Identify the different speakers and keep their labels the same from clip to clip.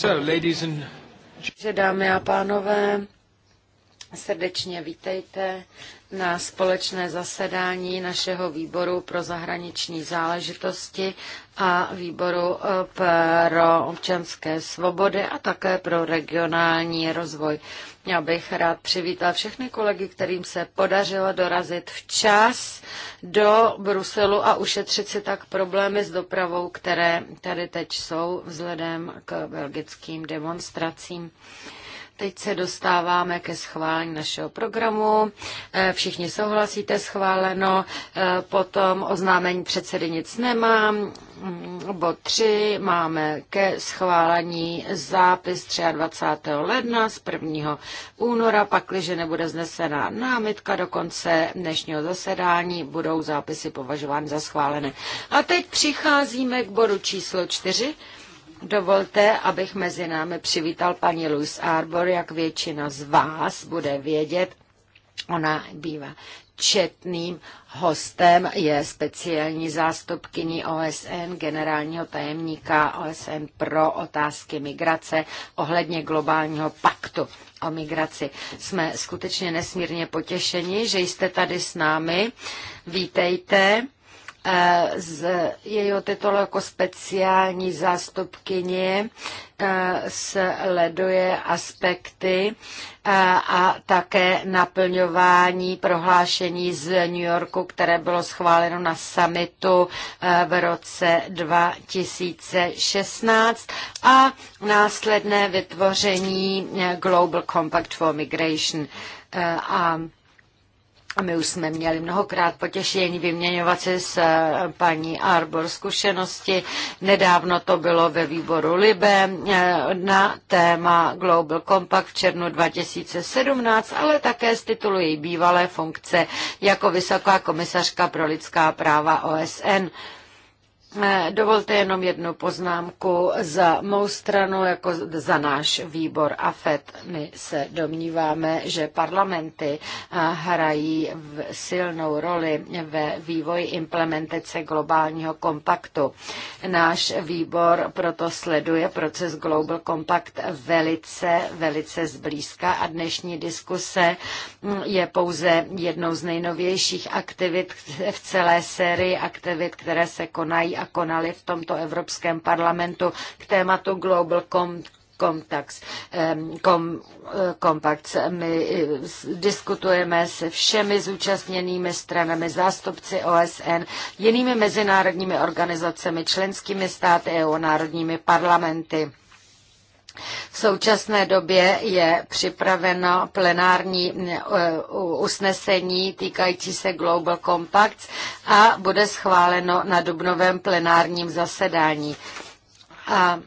Speaker 1: So, ladies and... Dámy a pánové, Srdečně vítejte na společné zasedání našeho výboru pro zahraniční záležitosti a výboru eh, pro občanské svobody a také pro regionální rozvoj. Já bych rád přivítal všechny kolegy, kterým se podařilo dorazit včas do Bruselu a ušetřit si tak problémy s dopravou, které tady teď jsou vzhledem k belgickým demonstracím. Teď se dostáváme ke schválení našeho programu. Eh, všichni souhlasíte, schváleno. Eh, potom oznámení předsedy nic nemám. Mm, Bo tři máme ke schválení zápis 23. ledna z 1. února, pakliže nebude znesena námitka do konce dnešního zasedání, budou zápisy považovány za schválené. A teď přicházíme k bodu číslo 4 Dovolte, abych mezi námi přivítal paní Louise Arbor, jak většina z vás bude vědět. Ona bývá četným hostem, je speciální zástupkyní OSN, generálního tajemníka OSN pro otázky migrace ohledně globálního paktu o migraci. Jsme skutečně nesmírně potěšeni, že jste tady s námi. Vítejte. Eh, z jejího titulu jako speciální zástupkyně eh, sleduje aspekty eh, a také naplňování prohlášení z New Yorku, které bylo schváleno na summitu v roce 2016 a následné vytvoření Global Compact for Migration. A a my už jsme měli mnohokrát potěšení vyměňovat si s eh, paní Arbor zkušenosti. Nedávno to bylo ve výboru Libe eh, na téma Global Compact v červnu 2017, ale také z titulu její bývalé funkce jako vysoká komisařka pro lidská práva OSN. Eh, dovolte jenom jednu poznámku za mou stranu, jako za náš výbor AFET. My se domníváme, že parlamenty eh, hrají silnou roli ve vývoji implementace globálního kompaktu. Náš výbor proto sleduje proces Global Compact velice, velice zblízka a dnešní diskuse hm, je pouze jednou z nejnovějších aktivit v celé sérii aktivit, které se konají a konali v tomto Evropském parlamentu k tématu Global Compact, Kom, kompakt. My eh, diskutujeme se všemi zúčastněnými stranami, zástupci OSN, jinými mezinárodními organizacemi, členskými státy EU, národními parlamenty. V současné době je připraveno plenární eh, usnesení týkající se Global Compacts a bude schváleno na dubnovém plenárním zasedání. A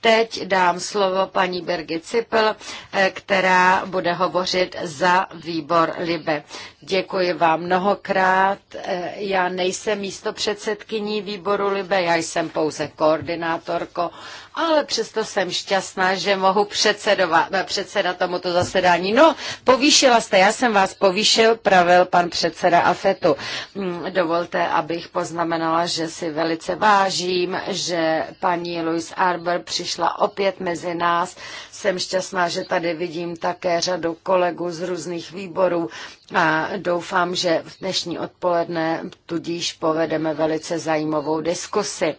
Speaker 1: teď dám slovo paní Birgit Cipel, eh, která bude hovořit za výbor Libe. Děkuji vám mnohokrát. Eh, já nejsem místo předsedkyní výboru Libe, já jsem pouze koordinátorko ale přesto jsem šťastná, že mohu předsedovat, předseda tomuto zasedání. No, povýšila jste, já jsem vás povýšil, pravil pan předseda Afetu. Mm, dovolte, abych poznamenala, že si velice vážím, že paní Louise Arbor přišla opět mezi nás jsem šťastná, že tady vidím také řadu kolegů z různých výborů a doufám, že v dnešní odpoledne tudíž povedeme velice zajímavou diskusi.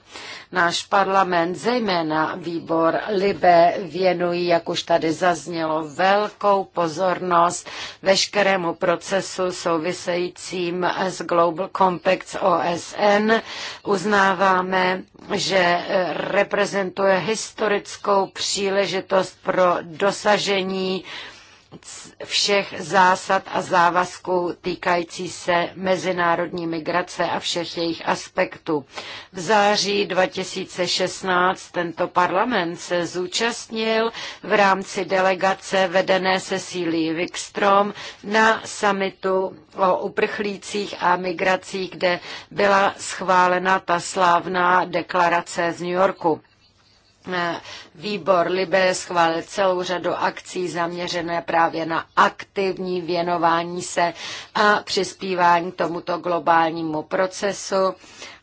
Speaker 1: Náš parlament, zejména výbor Libe, věnují, jak už tady zaznělo, velkou pozornost veškerému procesu souvisejícím s Global Compact OSN. Uznáváme, že reprezentuje historickou příležitost pro pro dosažení všech zásad a závazků týkající se mezinárodní migrace a všech jejich aspektů. V září 2016 tento parlament se zúčastnil v rámci delegace vedené sílí Wikstrom na samitu o uprchlících a migracích, kde byla schválena ta slávná deklarace z New Yorku. Výbor Libe schválil celou řadu akcí zaměřené právě na aktivní věnování se a přispívání tomuto globálnímu procesu.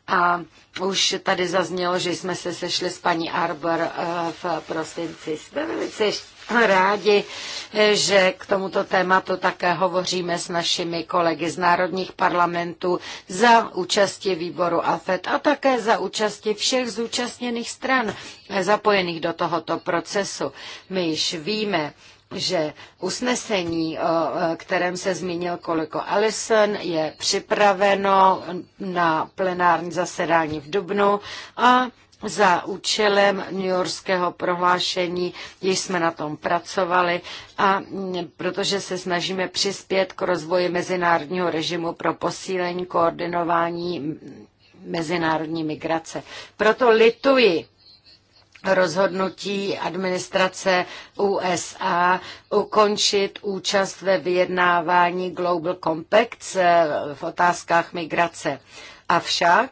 Speaker 1: A už tady zaznělo, že jsme se sešli s paní Arbor eh, v prosinci. Jsme velice rádi, že k tomuto tématu také hovoříme s našimi kolegy z národních parlamentů za účasti výboru AFET a také za účasti všech zúčastněných stran zapojených do tohoto procesu. My již víme, že usnesení, o kterém se zmínil koliko Allison, je připraveno na plenární zasedání v Dubnu a za účelem New Yorkského prohlášení, již jsme na tom pracovali a protože se snažíme přispět k rozvoji mezinárodního režimu pro posílení koordinování mezinárodní migrace. Proto lituji rozhodnutí administrace USA ukončit účast ve vyjednávání Global Compact eh, v otázkách migrace. Avšak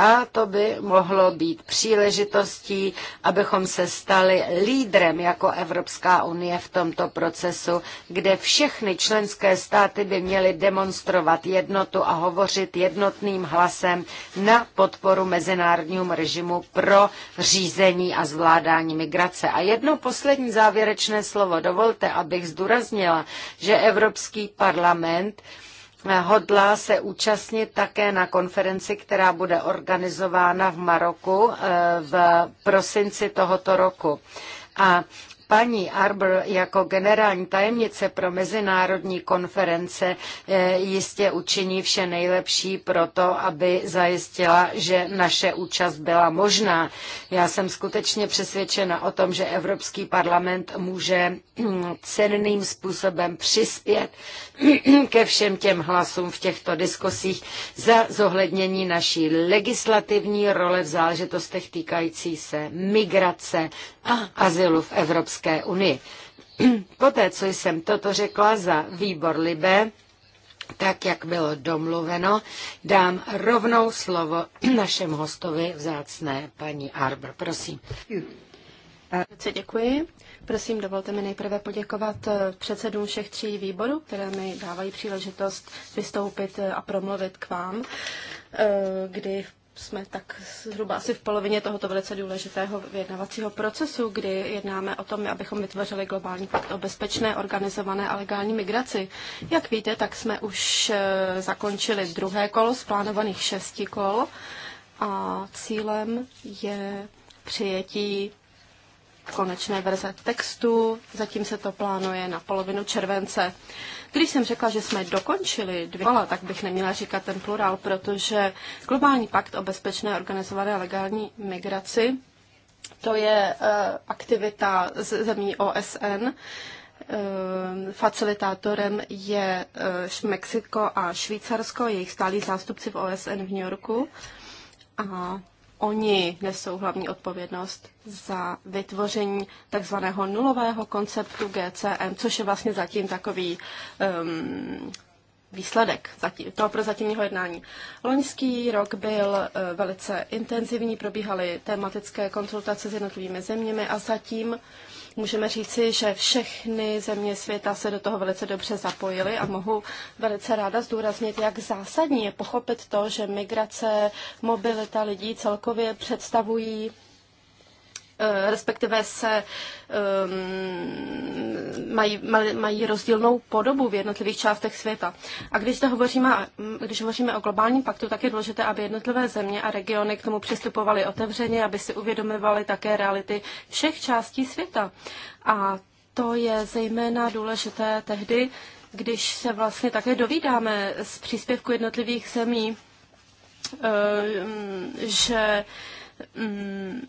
Speaker 1: a to by mohlo být příležitostí, abychom se stali lídrem jako Evropská unie v tomto procesu, kde všechny členské státy by měly demonstrovat jednotu a hovořit jednotným hlasem na podporu mezinárodnímu režimu pro řízení a zvládání migrace. A jedno poslední závěrečné slovo. Dovolte, abych zdůraznila, že Evropský parlament Eh, hodlá se účastnit také na konferenci, která bude organizována v Maroku eh, v prosinci tohoto roku. A paní Arbor jako generální tajemnice pro mezinárodní konference eh, jistě učiní vše nejlepší pro to, aby zajistila, že naše účast byla možná. Já jsem skutečně přesvědčena o tom, že Evropský parlament může hm, cenným způsobem přispět ke všem těm hlasům v těchto diskusích za zohlednění naší legislativní role v záležitostech týkající se migrace a azylu v Evropské unii. Poté, co jsem toto řekla za výbor Libe, tak, jak bylo domluveno, dám rovnou slovo našem hostovi vzácné paní Arbor. Prosím. Eh,
Speaker 2: děkuji. Prosím, dovolte mi nejprve poděkovat eh, předsedům všech tří výborů, které mi dávají příležitost vystoupit eh, a promluvit k vám, kdy jsme tak zhruba asi v polovině tohoto velice důležitého vyjednavacího procesu, kdy jednáme o tom, abychom vytvořili globální pakt o bezpečné, organizované a legální migraci. Jak víte, tak jsme už zakončili druhé kolo z plánovaných šesti kol a cílem je přijetí konečné verze textu. Zatím se to plánuje na polovinu července. Když jsem řekla, že jsme dokončili dvě kola, tak bych neměla říkat ten plurál, protože globální pakt o bezpečné organizované legální migraci, to je uh, aktivita z zemí OSN, eh, facilitátorem je eh, Mexiko a Švýcarsko, jejich stálí zástupci v OSN v New Yorku. A oni nesou hlavní odpovědnost za vytvoření takzvaného nulového konceptu GCM, což je vlastně zatím takový um, výsledek toho prozatímního jednání. Loňský rok byl uh, velice intenzivní, probíhaly tematické konzultace s jednotlivými zeměmi a zatím Můžeme říci, že všechny země světa se do toho velice dobře zapojily a mohu velice ráda zdůraznit, jak zásadní je pochopit to, že migrace, mobilita lidí celkově představují Eh, respektive se um, mají, mají rozdílnou podobu v jednotlivých částech světa. A když, to hovoříme, když hovoříme o globálním paktu, tak je důležité, aby jednotlivé země a regiony k tomu přistupovaly otevřeně, aby si uvědomovaly také reality všech částí světa. A to je zejména důležité tehdy, když se vlastně také dovídáme z příspěvku jednotlivých zemí, eh, že mm,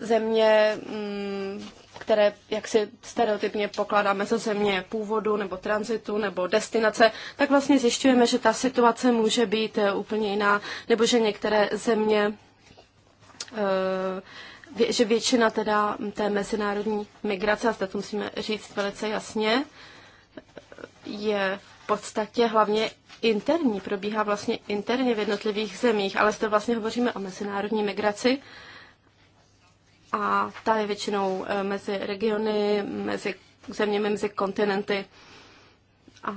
Speaker 2: země, mm, které jak si stereotypně pokládáme za země původu nebo tranzitu nebo destinace, tak vlastně zjišťujeme, že ta situace může být eh, úplně jiná, nebo že některé země, eh, že většina teda té mezinárodní migrace, a zde to musíme říct velice jasně, je v podstatě hlavně interní, probíhá vlastně interně v jednotlivých zemích, ale zde vlastně hovoříme o mezinárodní migraci, a ta je většinou eh, mezi regiony, mezi zeměmi, mezi kontinenty a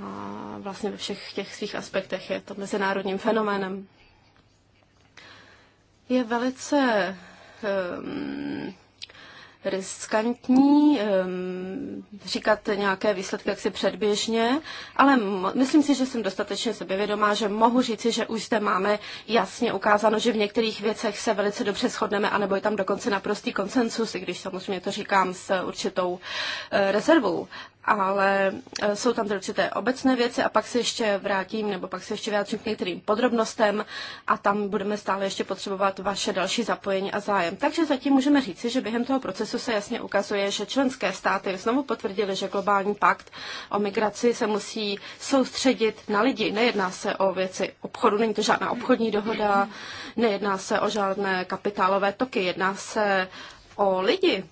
Speaker 2: vlastně ve všech těch svých aspektech je to mezinárodním fenoménem. Je velice um, riskantní ehm, říkat nějaké výsledky jaksi předběžně, ale myslím si, že jsem dostatečně sebevědomá, že mohu říci, že už zde máme jasně ukázáno, že v některých věcech se velice dobře shodneme, anebo je tam dokonce naprostý konsensus, i když samozřejmě to říkám s určitou eh, rezervou ale e, jsou tam tedy určité obecné věci a pak se ještě vrátím, nebo pak se ještě vyjádřím k některým podrobnostem a tam budeme stále ještě potřebovat vaše další zapojení a zájem. Takže zatím můžeme říci, že během toho procesu se jasně ukazuje, že členské státy znovu potvrdili, že globální pakt o migraci se musí soustředit na lidi. Nejedná se o věci obchodu, není to žádná obchodní dohoda, nejedná se o žádné kapitálové toky, jedná se o lidi,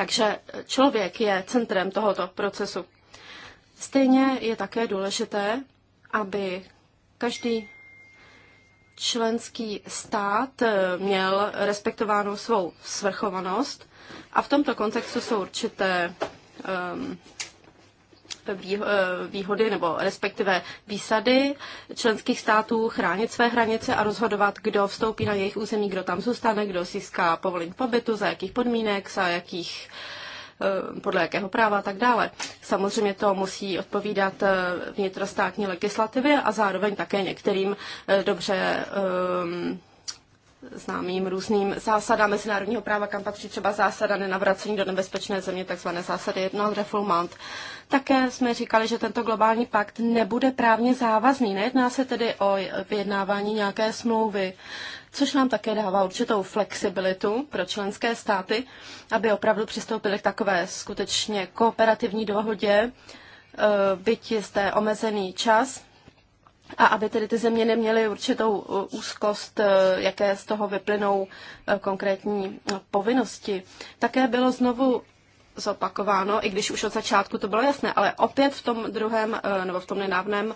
Speaker 2: takže člověk je centrem tohoto procesu. Stejně je také důležité, aby každý členský stát eh, měl respektovánou svou svrchovanost a v tomto kontextu jsou určité um, Eh, výhody nebo respektive výsady členských států chránit své hranice a rozhodovat, kdo vstoupí na jejich území, kdo tam zůstane, kdo získá povolení pobytu, za jakých podmínek, za jakých eh, podle jakého práva a tak dále. Samozřejmě to musí odpovídat eh, vnitrostátní legislativě a zároveň také některým dobře ehm, známým různým zásadám mezinárodního práva, kam patří třeba zásada nenavracení do nebezpečné země, takzvané zásady non-refoulement. Také jsme říkali, že tento globální pakt nebude právně závazný. Nejedná se tedy o vyjednávání nějaké smlouvy, což nám také dává určitou flexibilitu pro členské státy, aby opravdu přistoupili k takové skutečně kooperativní dohodě, eh, byť je zde omezený čas, a aby tedy ty země neměly určitou eh, úzkost, eh, jaké z toho vyplynou konkrétní povinnosti. Také bylo znovu zopakováno, i když už od začátku to bylo jasné, ale opět v tom druhém, eh, nebo v tom nedávném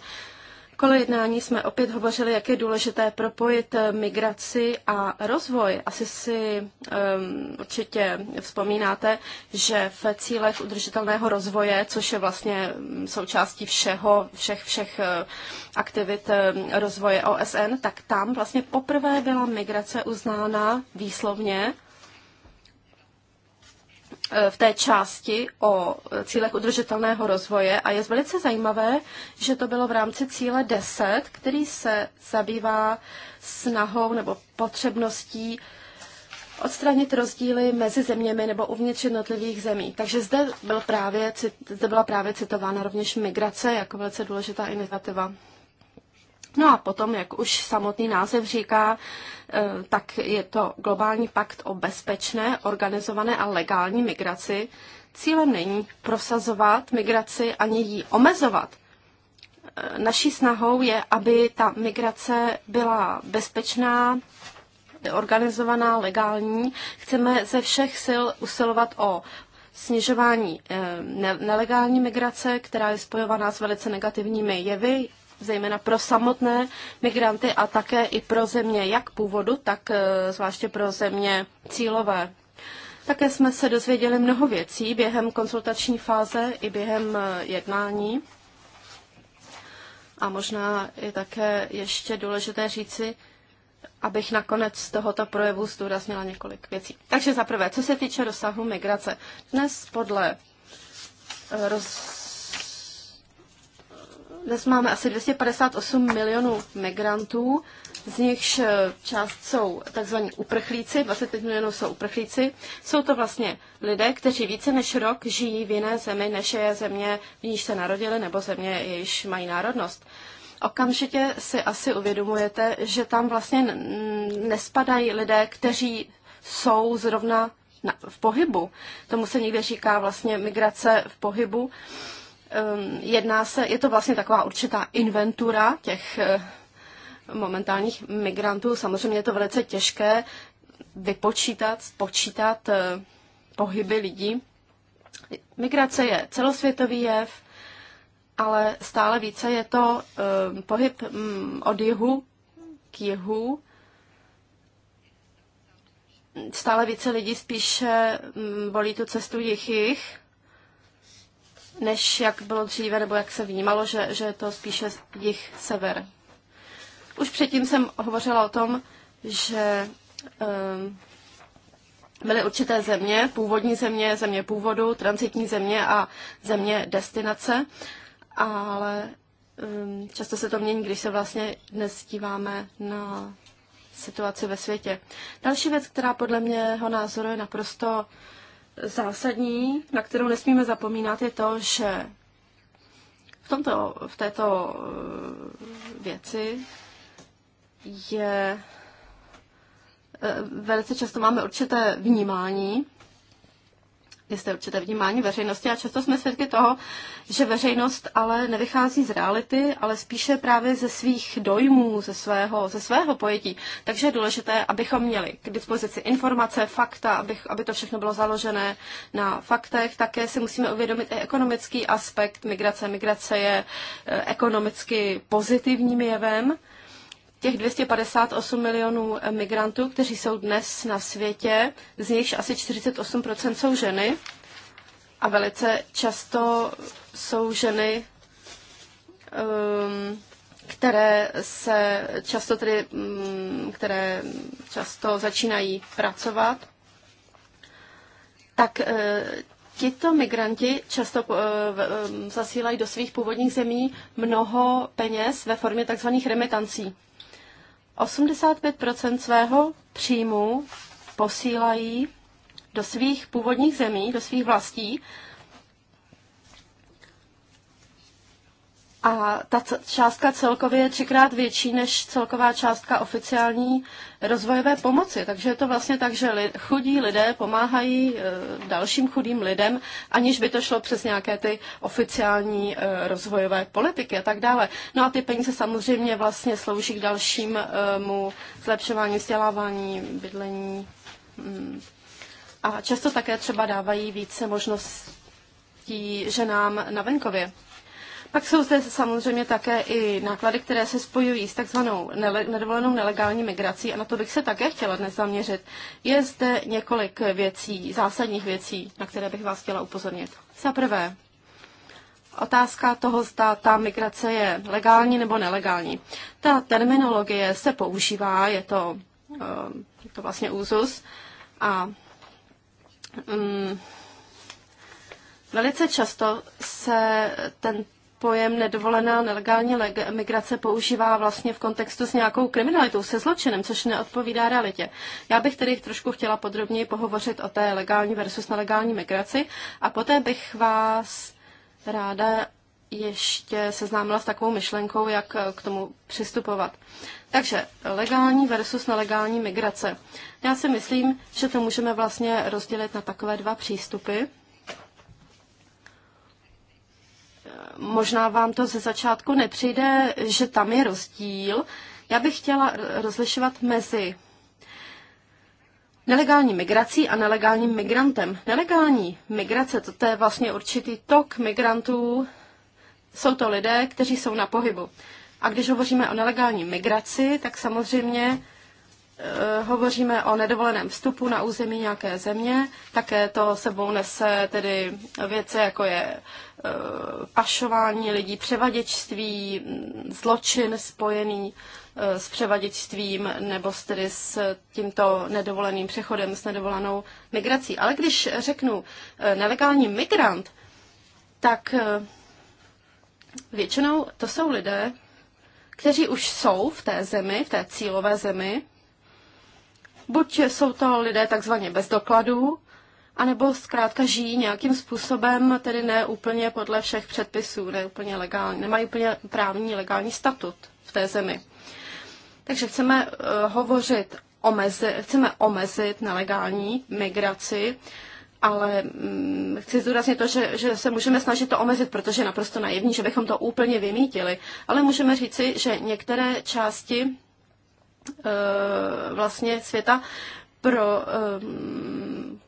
Speaker 2: kole jednání jsme opět hovořili, jak je důležité propojit eh, migraci a rozvoj. Asi si um, určitě vzpomínáte, že v cílech udržitelného rozvoje, což je vlastně mm, součástí všeho, všech, všech eh, aktivit ehm, rozvoje OSN, tak tam vlastně poprvé byla migrace uznána výslovně Eh, v té části o cílech udržitelného rozvoje a je velice zajímavé, že to bylo v rámci cíle 10, který se zabývá snahou nebo potřebností odstranit rozdíly mezi zeměmi nebo uvnitř jednotlivých zemí. Takže zde, byl právě, zde byla právě citována rovněž migrace jako velice důležitá iniciativa. No a potom, jak už samotný název říká, Eh, tak je to globální pakt o bezpečné, organizované a legální migraci. Cílem není prosazovat migraci ani ji omezovat. Eh, naší snahou je, aby ta migrace byla bezpečná, organizovaná, legální. Chceme ze všech sil usilovat o snižování eh, nelegální migrace, která je spojovaná s velice negativními jevy, zejména pro samotné migranty a také i pro země jak původu, tak eh, zvláště pro země cílové. Také jsme se dozvěděli mnoho věcí během konzultační fáze i během eh, jednání. A možná je také ještě důležité říci, abych nakonec tohoto projevu zdůraznila několik věcí. Takže za prvé, co se týče dosahu migrace. Dnes podle eh, roz dnes máme asi 258 milionů migrantů, z nichž eh, část jsou tzv. uprchlíci, 25 milionů jsou uprchlíci. Jsou to vlastně lidé, kteří více než rok žijí v jiné zemi, než je země, v níž se narodili, nebo země, jejíž mají národnost. Okamžitě si asi uvědomujete, že tam vlastně nespadají lidé, kteří jsou zrovna na, v pohybu. Tomu se někde říká vlastně migrace v pohybu. Uh, Ehm, jedná se, je to vlastně taková určitá inventura těch eh, momentálních migrantů. Samozřejmě je to velice těžké vypočítat, spočítat eh, pohyby lidí. Migrace je celosvětový jev, ale stále více je to ehm, pohyb mm, od jihu k jihu. Stále více lidí spíše mm, volí tu cestu jich-jich než jak bylo dříve, nebo jak se vnímalo, že, že je to spíše jich sever. Už předtím jsem hovořila o tom, že um, byly určité země, původní země, země původu, transitní země a země destinace, ale um, často se to mění, když se vlastně dnes díváme na situaci ve světě. Další věc, která podle mého názoru je naprosto zásadní, na kterou nesmíme zapomínat, je to, že v, tomto, v této eh, věci je eh, velice často máme určité vnímání je zde určité vnímání veřejnosti a často jsme svědky toho, že veřejnost ale nevychází z reality, ale spíše právě ze svých dojmů, ze svého, ze svého pojetí. Takže je důležité, abychom měli k dispozici informace, fakta, abych, aby to všechno bylo založené na faktech. Také si musíme uvědomit i ekonomický aspekt migrace. Migrace je eh, ekonomicky pozitivním jevem, těch 258 milionů migrantů, kteří jsou dnes na světě, z nichž asi 48% jsou ženy a velice často jsou ženy, ehm, které se často tedy, mm, které často začínají pracovat, tak eh, tito migranti často eh, ehm, zasílají do svých původních zemí mnoho peněz ve formě tzv. remitancí. 85 svého příjmu posílají do svých původních zemí, do svých vlastí A ta částka celkově je třikrát větší než celková částka oficiální rozvojové pomoci. Takže je to vlastně tak, že chudí lidé pomáhají e, dalším chudým lidem, aniž by to šlo přes nějaké ty oficiální e, rozvojové politiky a tak dále. No a ty peníze samozřejmě vlastně slouží k dalšímu e, zlepšování vzdělávání, bydlení. Mm, a často také třeba dávají více možností ženám na venkově. Pak jsou zde samozřejmě také i náklady, které se spojují s takzvanou nele- nedovolenou nelegální migrací a na to bych se také chtěla dnes zaměřit. Je zde několik věcí, zásadních věcí, na které bych vás chtěla upozornit. Za prvé, otázka toho, zda ta migrace je legální nebo nelegální. Ta terminologie se používá, je to, eh, je to vlastně úzus a um, Velice často se ten pojem nedovolená nelegální migrace používá vlastně v kontextu s nějakou kriminalitou, se zločinem, což neodpovídá realitě. Já bych tedy trošku chtěla podrobněji pohovořit o té legální versus nelegální migraci a poté bych vás ráda ještě seznámila s takovou myšlenkou, jak k tomu přistupovat. Takže legální versus nelegální migrace. Já si myslím, že to můžeme vlastně rozdělit na takové dva přístupy možná vám to ze začátku nepřijde, že tam je rozdíl. Já bych chtěla rozlišovat mezi nelegální migrací a nelegálním migrantem. Nelegální migrace, to, to je vlastně určitý tok migrantů, jsou to lidé, kteří jsou na pohybu. A když hovoříme o nelegální migraci, tak samozřejmě Eh, hovoříme o nedovoleném vstupu na území nějaké země, také to sebou nese tedy věce, jako je eh, pašování lidí, převaděčství, mm, zločin spojený eh, s převaděčstvím nebo s, tedy s tímto nedovoleným přechodem, s nedovolenou migrací. Ale když řeknu nelegální migrant, tak většinou to jsou lidé, kteří už jsou v té zemi, v té cílové zemi, Buď jsou to lidé takzvaně bez dokladů, anebo zkrátka žijí nějakým způsobem, tedy ne úplně podle všech předpisů, ne úplně legální, nemají úplně právní legální statut v té zemi. Takže chceme uh, hovořit, omezi, chceme omezit nelegální migraci, ale hm, chci zdůraznit to, že, že se můžeme snažit to omezit, protože je naprosto naivní, že bychom to úplně vymítili, ale můžeme říci, že některé části Eh, vlastně světa pro, um,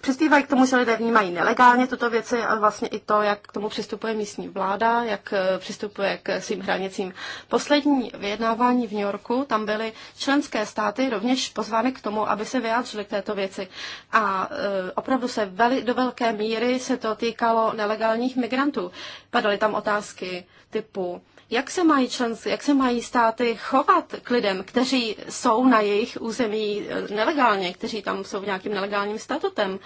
Speaker 2: přispívají k tomu, že lidé vnímají nelegálně tuto věci a vlastně i to, jak k tomu přistupuje místní vláda, jak eh, přistupuje k svým hranicím. Poslední vyjednávání v New Yorku, tam byly členské státy rovněž pozvány k tomu, aby se vyjádřili k této věci. A e, opravdu se veli, do velké míry se to týkalo nelegálních migrantů. Padaly tam otázky typu jak se mají členci, jak se mají státy chovat k lidem, kteří jsou na jejich území eh, nelegálně, kteří tam jsou v nějakým nelegálním statutem?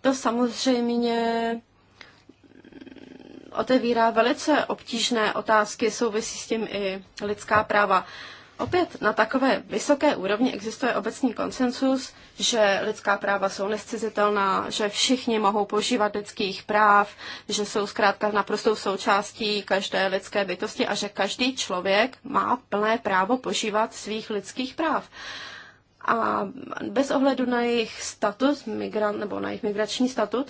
Speaker 2: To samozřejmě mm, otevírá velice obtížné otázky, souvisí s tím i lidská práva. Opět na takové vysoké úrovni existuje obecný konsensus, že lidská práva jsou nescizitelná, že všichni mohou požívat lidských práv, že jsou zkrátka naprostou součástí každé lidské bytosti a že každý člověk má plné právo požívat svých lidských práv. A bez ohledu na jejich status, migrant, nebo na jejich migrační statut,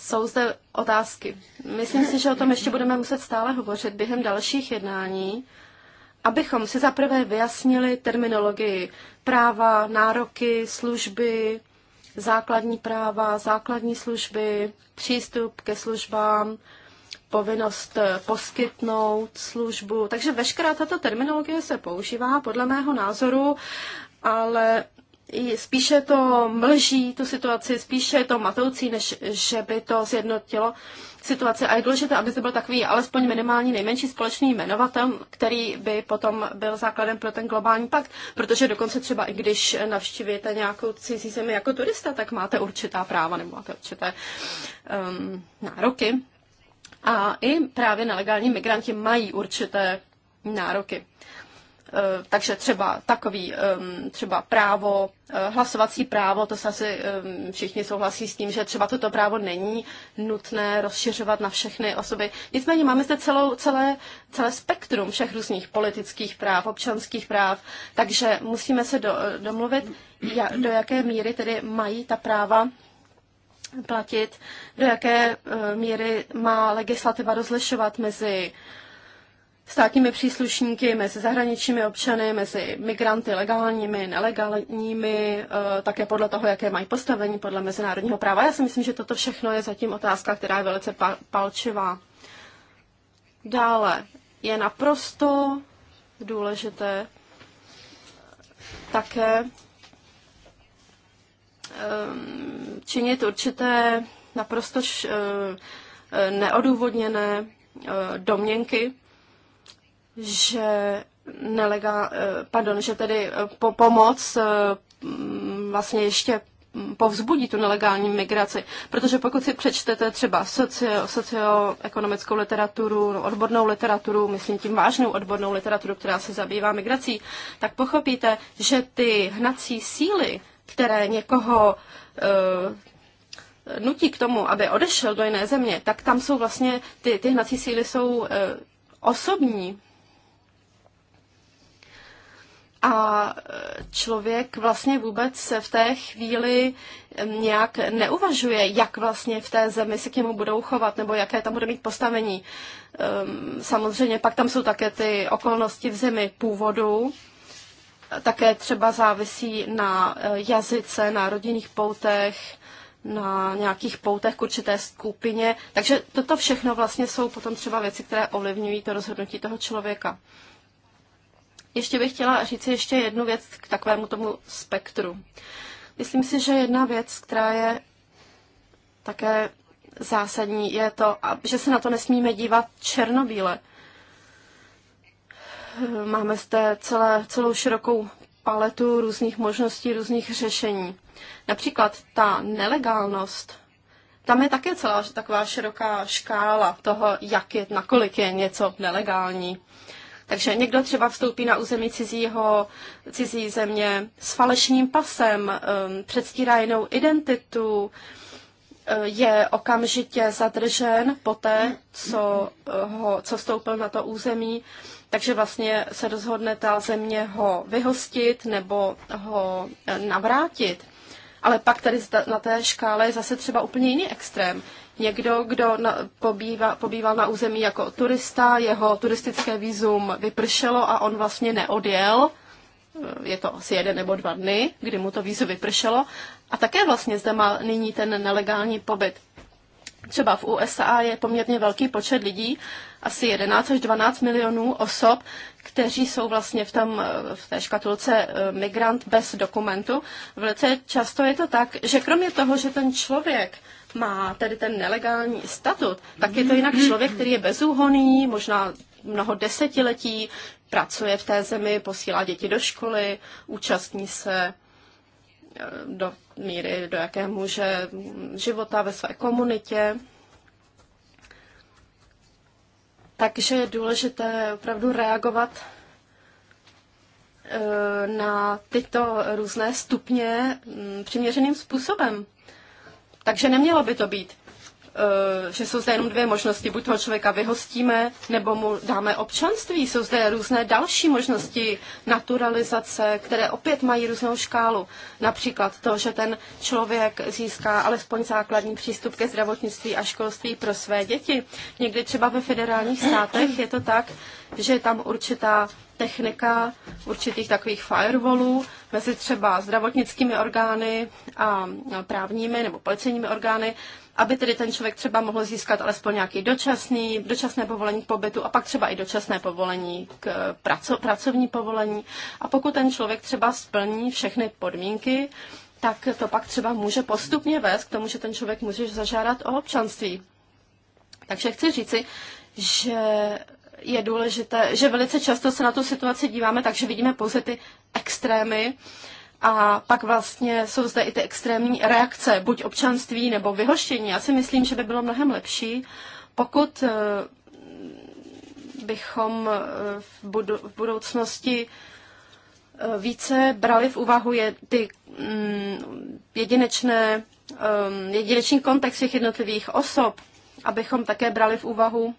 Speaker 2: jsou zde otázky. Myslím si, že o tom ještě budeme muset stále hovořit během dalších jednání, abychom si zaprvé vyjasnili terminologii práva, nároky, služby, základní práva, základní služby, přístup ke službám, povinnost poskytnout službu. Takže veškerá tato terminologie se používá podle mého názoru, ale spíše to mlží tu situaci, spíše je to matoucí, než že by to zjednotilo situaci. A je důležité, aby to byl takový alespoň minimální nejmenší společný jmenovatel, který by potom byl základem pro ten globální pakt, protože dokonce třeba i když navštívíte nějakou cizí zemi jako turista, tak máte určitá práva nebo máte určité um, nároky. A i právě nelegální migranti mají určité nároky. Eh, takže třeba takový, třeba právo, eh, hlasovací právo, to se asi všichni souhlasí s tím, že třeba toto právo není nutné rozšiřovat na všechny osoby. Nicméně máme zde celou, celé, celé spektrum všech různých politických práv, občanských práv, takže musíme se do, eh, domluvit, do jaké míry tedy mají ta práva platit, do jaké míry má legislativa rozlišovat mezi státními příslušníky, mezi zahraničními občany, mezi migranty legálními, nelegálními, eh, také podle toho, jaké mají postavení podle mezinárodního práva. Já si myslím, že toto všechno je zatím otázka, která je velice palčivá. Dále je naprosto důležité také ehm, činit určité naprosto eh, neodůvodněné eh, domněnky že nelegál, eh, pardon, že tedy eh, po pomoc eh, mm, vlastně ještě povzbudí tu nelegální migraci. Protože pokud si přečtete třeba socio, socioekonomickou literaturu, odbornou literaturu, myslím tím vážnou odbornou literaturu, která se zabývá migrací, tak pochopíte, že ty hnací síly, které někoho uh, nutí k tomu, aby odešel do jiné země, tak tam jsou vlastně ty, ty hnací síly jsou uh, osobní, a e, člověk vlastně vůbec v té chvíli nějak neuvažuje, jak vlastně v té zemi se k němu budou chovat, nebo jaké tam bude mít postavení. Ehm, samozřejmě pak tam jsou také ty okolnosti v zemi původu, také třeba závisí na e, jazyce, na rodinných poutech, na nějakých poutech k určité skupině. Takže toto všechno vlastně jsou potom třeba věci, které ovlivňují to rozhodnutí toho člověka. Ještě bych chtěla říct ještě jednu věc k takovému tomu spektru. Myslím si, že jedna věc, která je také zásadní, je to, že se na to nesmíme dívat černobíle. Máme zde celé, celou širokou paletu různých možností, různých řešení. Například ta nelegálnost, tam je také celá taková široká škála toho, jak je, nakolik je něco nelegální. Takže někdo třeba vstoupí na území cizího, cizí země s falešným pasem, um, předstírá jinou identitu, uh, je okamžitě zadržen poté, co, uh, ho, co vstoupil na to území, takže vlastně se rozhodne ta země ho vyhostit nebo ho eh, navrátit. Ale pak tady na té škále je zase třeba úplně jiný extrém. Někdo, kdo na, pobýva, pobýval na území jako turista, jeho turistické výzum vypršelo a on vlastně neodjel. Je to asi jeden nebo dva dny, kdy mu to vízu vypršelo. A také vlastně zde má nyní ten nelegální pobyt. Třeba v USA je poměrně velký počet lidí, asi 11 až 12 milionů osob, kteří jsou vlastně v, tam, v té škatulce eh, migrant bez dokumentu. Velice často je to tak, že kromě toho, že ten člověk má tedy ten nelegální statut, tak je to jinak člověk, který je bezúhoný, možná mnoho desetiletí, pracuje v té zemi, posílá děti do školy, účastní se eh, do míry, do jaké může mm, života ve své komunitě. Takže je důležité opravdu reagovat eh, na tyto různé stupně mm, přiměřeným způsobem. Takže nemělo by to být Eh, že jsou zde jenom dvě možnosti. Buď toho člověka vyhostíme, nebo mu dáme občanství. Jsou zde různé další možnosti naturalizace, které opět mají různou škálu. Například to, že ten člověk získá alespoň základní přístup ke zdravotnictví a školství pro své děti. Někdy třeba ve federálních státech je to tak, že je tam určitá technika určitých takových firewallů mezi třeba zdravotnickými orgány a právními nebo policejními orgány, aby tedy ten člověk třeba mohl získat alespoň nějaký dočasný, dočasné povolení k pobytu a pak třeba i dočasné povolení k eh, praco, pracovní povolení. A pokud ten člověk třeba splní všechny podmínky, tak to pak třeba může postupně vést k tomu, že ten člověk může zažádat o občanství. Takže chci říci, že je důležité, že velice často se na tu situaci díváme, takže vidíme pouze ty extrémy a pak vlastně jsou zde i ty extrémní reakce, buď občanství nebo vyhoštění. Já si myslím, že by bylo mnohem lepší, pokud eh, bychom eh, v budoucnosti eh, více brali v úvahu je ty mm, jedinečné, jedinečný kontext těch jednotlivých osob, abychom také brali v úvahu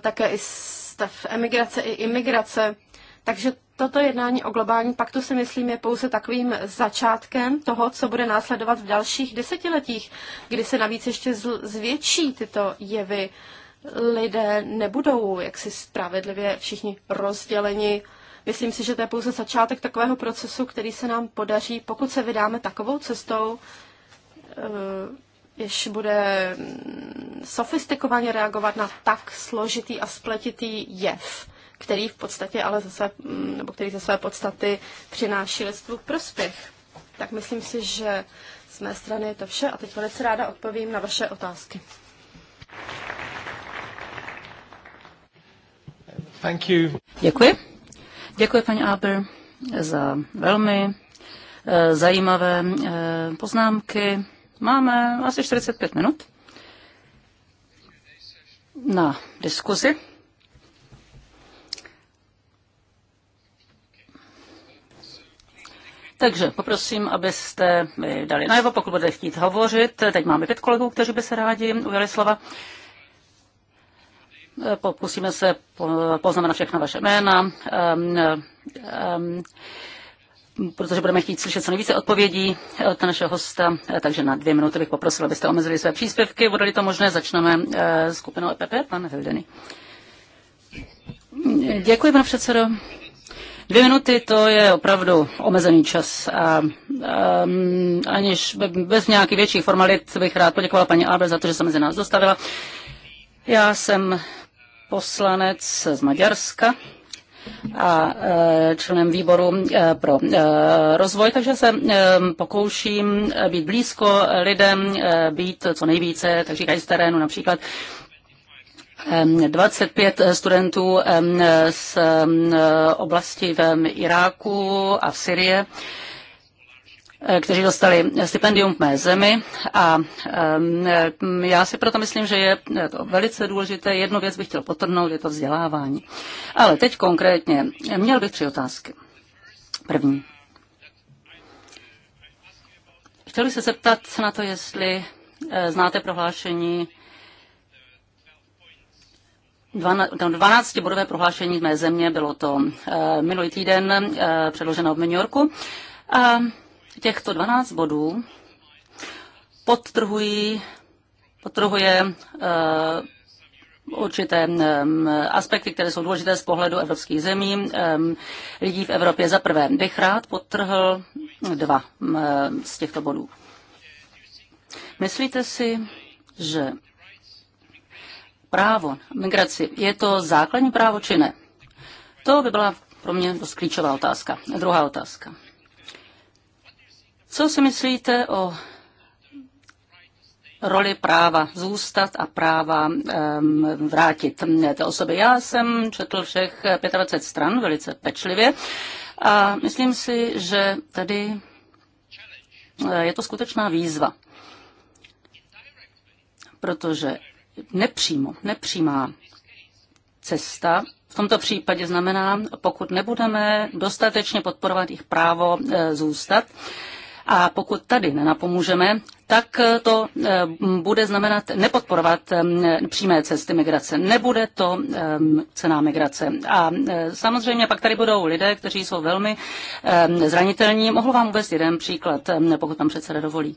Speaker 2: také i stav emigrace i imigrace. Takže Toto jednání o globální paktu si myslím je pouze takovým začátkem toho, co bude následovat v dalších desetiletích, kdy se navíc ještě zvětší tyto jevy. Lidé nebudou jaksi spravedlivě všichni rozděleni. Myslím si, že to je pouze začátek takového procesu, který se nám podaří, pokud se vydáme takovou cestou, eh, jež bude mm, sofistikovaně reagovat na tak složitý a spletitý jev který v podstatě ale zase, mm, nebo který ze své podstaty přináší lidstvu prospěch. Tak myslím si, že z mé strany je to vše a teď velice ráda odpovím na vaše otázky.
Speaker 3: Thank you. Děkuji. Děkuji, paní Aber, za velmi eh, zajímavé eh, poznámky. Máme asi 45 minut na diskuzi. Takže poprosím, abyste mi dali najevo, pokud budete chtít hovořit. Teď máme pět kolegů, kteří by se rádi ujali slova. Pokusíme se poznamenat všechna vaše jména. Um, um, protože budeme chtít slyšet co nejvíce odpovědí od našeho hosta, takže na dvě minuty bych poprosil, abyste omezili své příspěvky. Bude-li to možné, začneme eh, skupinou EPP, pan Hildeny. Děkuji, pane předsedo. Dvě minuty to je opravdu omezený čas. A, um, aniž bez nějakých větších formalit bych rád poděkoval paní Albert za to, že se mezi nás dostavila. Já jsem poslanec z Maďarska a eh, členem výboru eh, pro eh, rozvoj, takže se pokouším být blízko lidem, být co nejvíce, tak říkají z terénu například 25 eh, studentů z oblasti v Iráku a v Syrii eh, kteří dostali stipendium v mé zemi a eh, já si proto myslím, že je to velice důležité. Jednu věc bych chtěl potrhnout, je to vzdělávání. Ale teď konkrétně, měl bych tři otázky. První. Chtěl bych se zeptat na to, jestli znáte prohlášení 12 bodové prohlášení z mé země, bylo to eh, minulý týden eh, předloženo v New Yorku. A těchto 12 bodů podtrhují, podtrhuje eh, určité aspekty, které jsou důležité z pohledu evropských zemí, lidí v Evropě. Za prvé bych rád podtrhl dva z těchto bodů. Myslíte si, že právo migraci, je to základní právo či ne? To by byla pro mě dost klíčová otázka. Druhá otázka. Co si myslíte o roli práva zůstat a práva um, vrátit té osoby. Já jsem četl všech 25 stran velice pečlivě a myslím si, že tady eh, je to skutečná výzva, protože nepřímo, nepřímá cesta v tomto případě znamená, pokud nebudeme dostatečně podporovat jejich právo e, zůstat, a pokud tady nenapomůžeme, tak to e, bude znamenat nepodporovat e, přímé cesty migrace. Nebude to cená migrace. A samozřejmě pak tady budou lidé, kteří jsou velmi zranitelní. Mohu vám uvést jeden příklad, pokud tam předseda dovolí.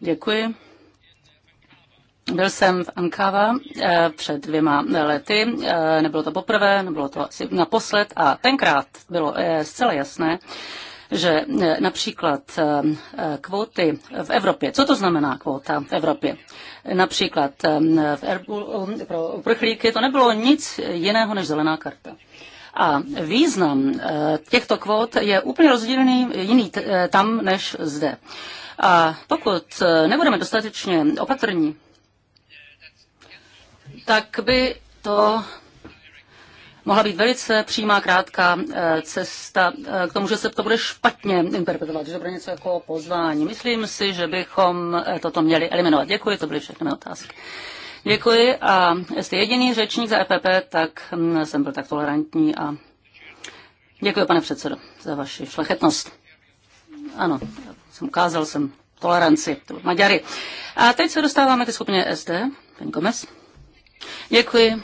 Speaker 3: Děkuji. Byl jsem v Ankava eh, před dvěma lety, eh, nebylo to poprvé, nebylo to asi naposled a tenkrát bylo eh, zcela jasné, že například kvóty v Evropě, co to znamená kvóta v Evropě? Například v Erbulu pro uprchlíky to nebylo nic jiného než zelená karta. A význam těchto kvót je úplně rozdílný jiný tam než zde. A pokud nebudeme dostatečně opatrní, tak by to mohla být velice přímá, krátká eh, cesta eh, k tomu, že se to bude špatně interpretovat, že to bude něco jako pozvání. Myslím si, že bychom eh, toto měli eliminovat. Děkuji, to byly všechny mé otázky. Děkuji a jste jediný řečník za EPP, tak hm, jsem byl tak tolerantní a děkuji, pane předsedo, za vaši šlechetnost. Ano, jsem ukázal jsem toleranci, to Maďary. A teď se dostáváme ke skupině SD, paní Gomez. Děkuji.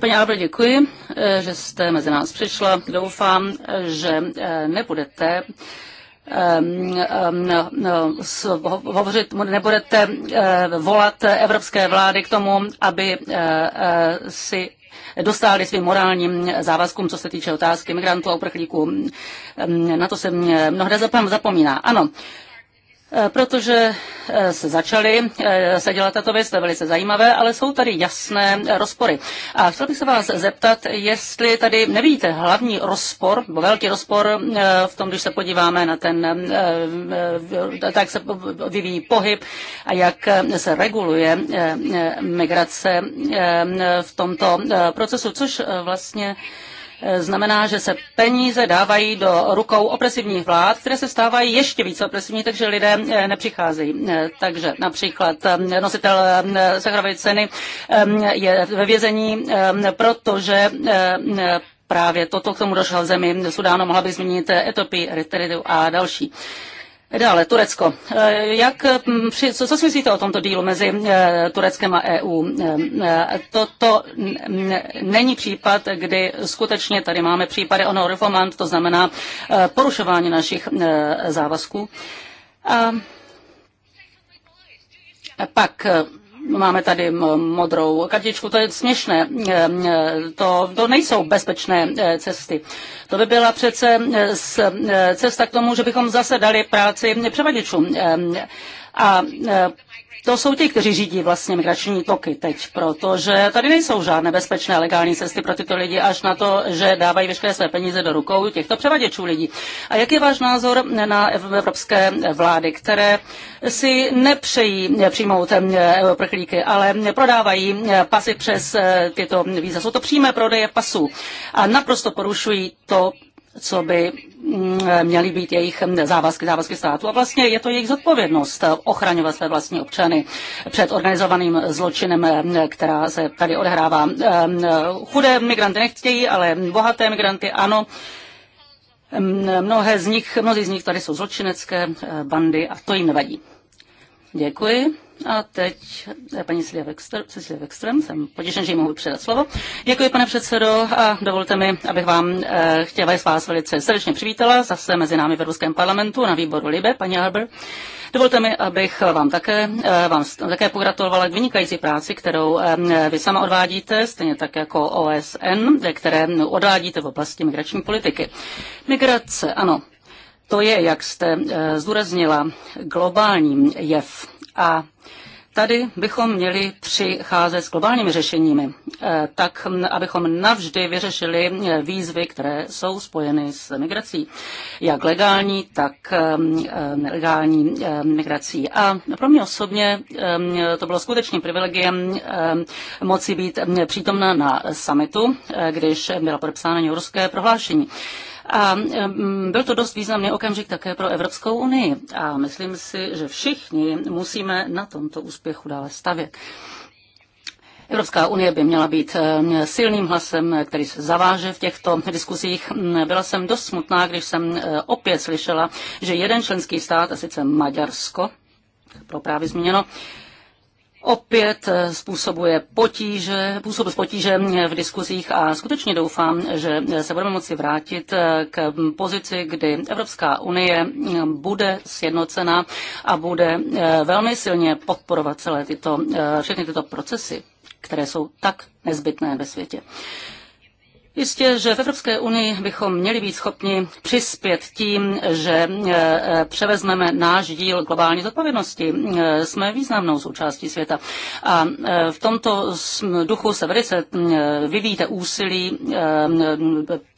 Speaker 3: Paní Albrecht, děkuji, eh, že jste mezi nás přišla. Doufám, že eh, nebudete ehm, ehm, no, hovořit, nebudete eh, volat evropské vlády k tomu, aby si dostáli svým morálním závazkům, co se týče otázky migrantů a uprchlíků. Na to se mnohdy zapomíná. Ano, Eh, protože eh, se začaly eh, se dělat tato věc, to je velice zajímavé, ale jsou tady jasné rozpory. A chtěl bych se vás zeptat, jestli tady nevidíte hlavní rozpor, bo velký rozpor v tom, když se podíváme na ten, jak se vyvíjí pohyb a jak se reguluje migrace v tomto procesu, což vlastně znamená, že se peníze dávají do rukou opresivních vlád, které se stávají ještě více opresivní, takže lidé eh, nepřicházejí. Eh, takže například eh, nositel Sacharovy ceny je ve vězení, protože právě toto k tomu došlo v zemi Sudánu, mohla bych zmínit Etopii, Eritreu a další. Dále, Turecko. Eh, jak, hm, co, co si myslíte o tomto dílu mezi eh, Tureckem a EU? Eh, toto není případ, kdy skutečně tady máme případy ono reformant, to znamená porušování našich závazků. A pak Máme tady modrou kartičku, to je směšné, eh, eh, to, to nejsou bezpečné eh, cesty. To by byla přece cesta k tomu, že bychom zase dali práci převaděčům. A to jsou ti, kteří řídí vlastně migrační toky teď, protože tady nejsou žádné bezpečné legální cesty pro tyto lidi, až na to, že dávají veškeré své peníze do rukou těchto převaděčů lidí. A jak je váš názor na evropské vlády, které si nepřejí přijmout eh, prchlíky, ale prodávají eh, pasy přes eh, tyto víza. Jsou to přímé prodeje pasů a naprosto porušují to, co by mm, měly být jejich závazky, závazky státu. A vlastně je to jejich zodpovědnost eh, ochraňovat své vlastní občany před organizovaným zločinem, eh, která se tady odhrává. Eh, chudé migranty nechtějí, ale bohaté migranty ano. Mm, mnohé z nich, mnozí z nich tady jsou zločinecké bandy a to jim nevadí. Děkuji. A teď eh, paní Cecilia Wexström, jsem potěšen, že jí mohu předat slovo. Děkuji, pane předsedo, a dovolte mi, abych vám e, chtěla vás velice srdečně přivítala zase mezi námi v Evropském parlamentu na výboru LIBE, paní Harber. Dovolte mi, abych vám také, eh, vám také pogratulovala k vynikající práci, kterou vy sama odvádíte, stejně tak jako OSN, které odvádíte v oblasti migrační politiky. Migrace, ano, to je, jak jste zdůraznila, globální jev a Tady bychom měli přicházet s globálními řešeními, eh, tak abychom navždy vyřešili eh, výzvy, které jsou spojeny s migrací, jak legální, tak eh, nelegální migrací. A pro mě osobně to bylo skutečným privilegiem moci být přítomna na summitu, když byla podepsána New prohlášení. A mm, byl to dost významný okamžik také pro Evropskou unii a myslím si, že všichni musíme na tomto úspěchu dále stavět. Evropská unie by měla být mm, silným hlasem, který se zaváže v těchto diskuzích. Mm, byla jsem dost smutná, když jsem e, opět slyšela, že jeden členský stát, a sice Maďarsko, pro právě zmíněno, opět eh, způsobuje potíže, působ potíže v diskuzích a skutečně doufám, že se budeme moci vrátit eh, k pozici, kdy Evropská unie eh, bude sjednocena a bude velmi silně podporovat celé tyto, všechny tyto procesy, které jsou tak nezbytné ve světě. Jistě, že v Evropské unii bychom měli být schopni přispět tím, že e, e, převezmeme náš díl globální zodpovědnosti. E, jsme významnou součástí světa. A v tomto duchu se velice vyvíjíte úsilí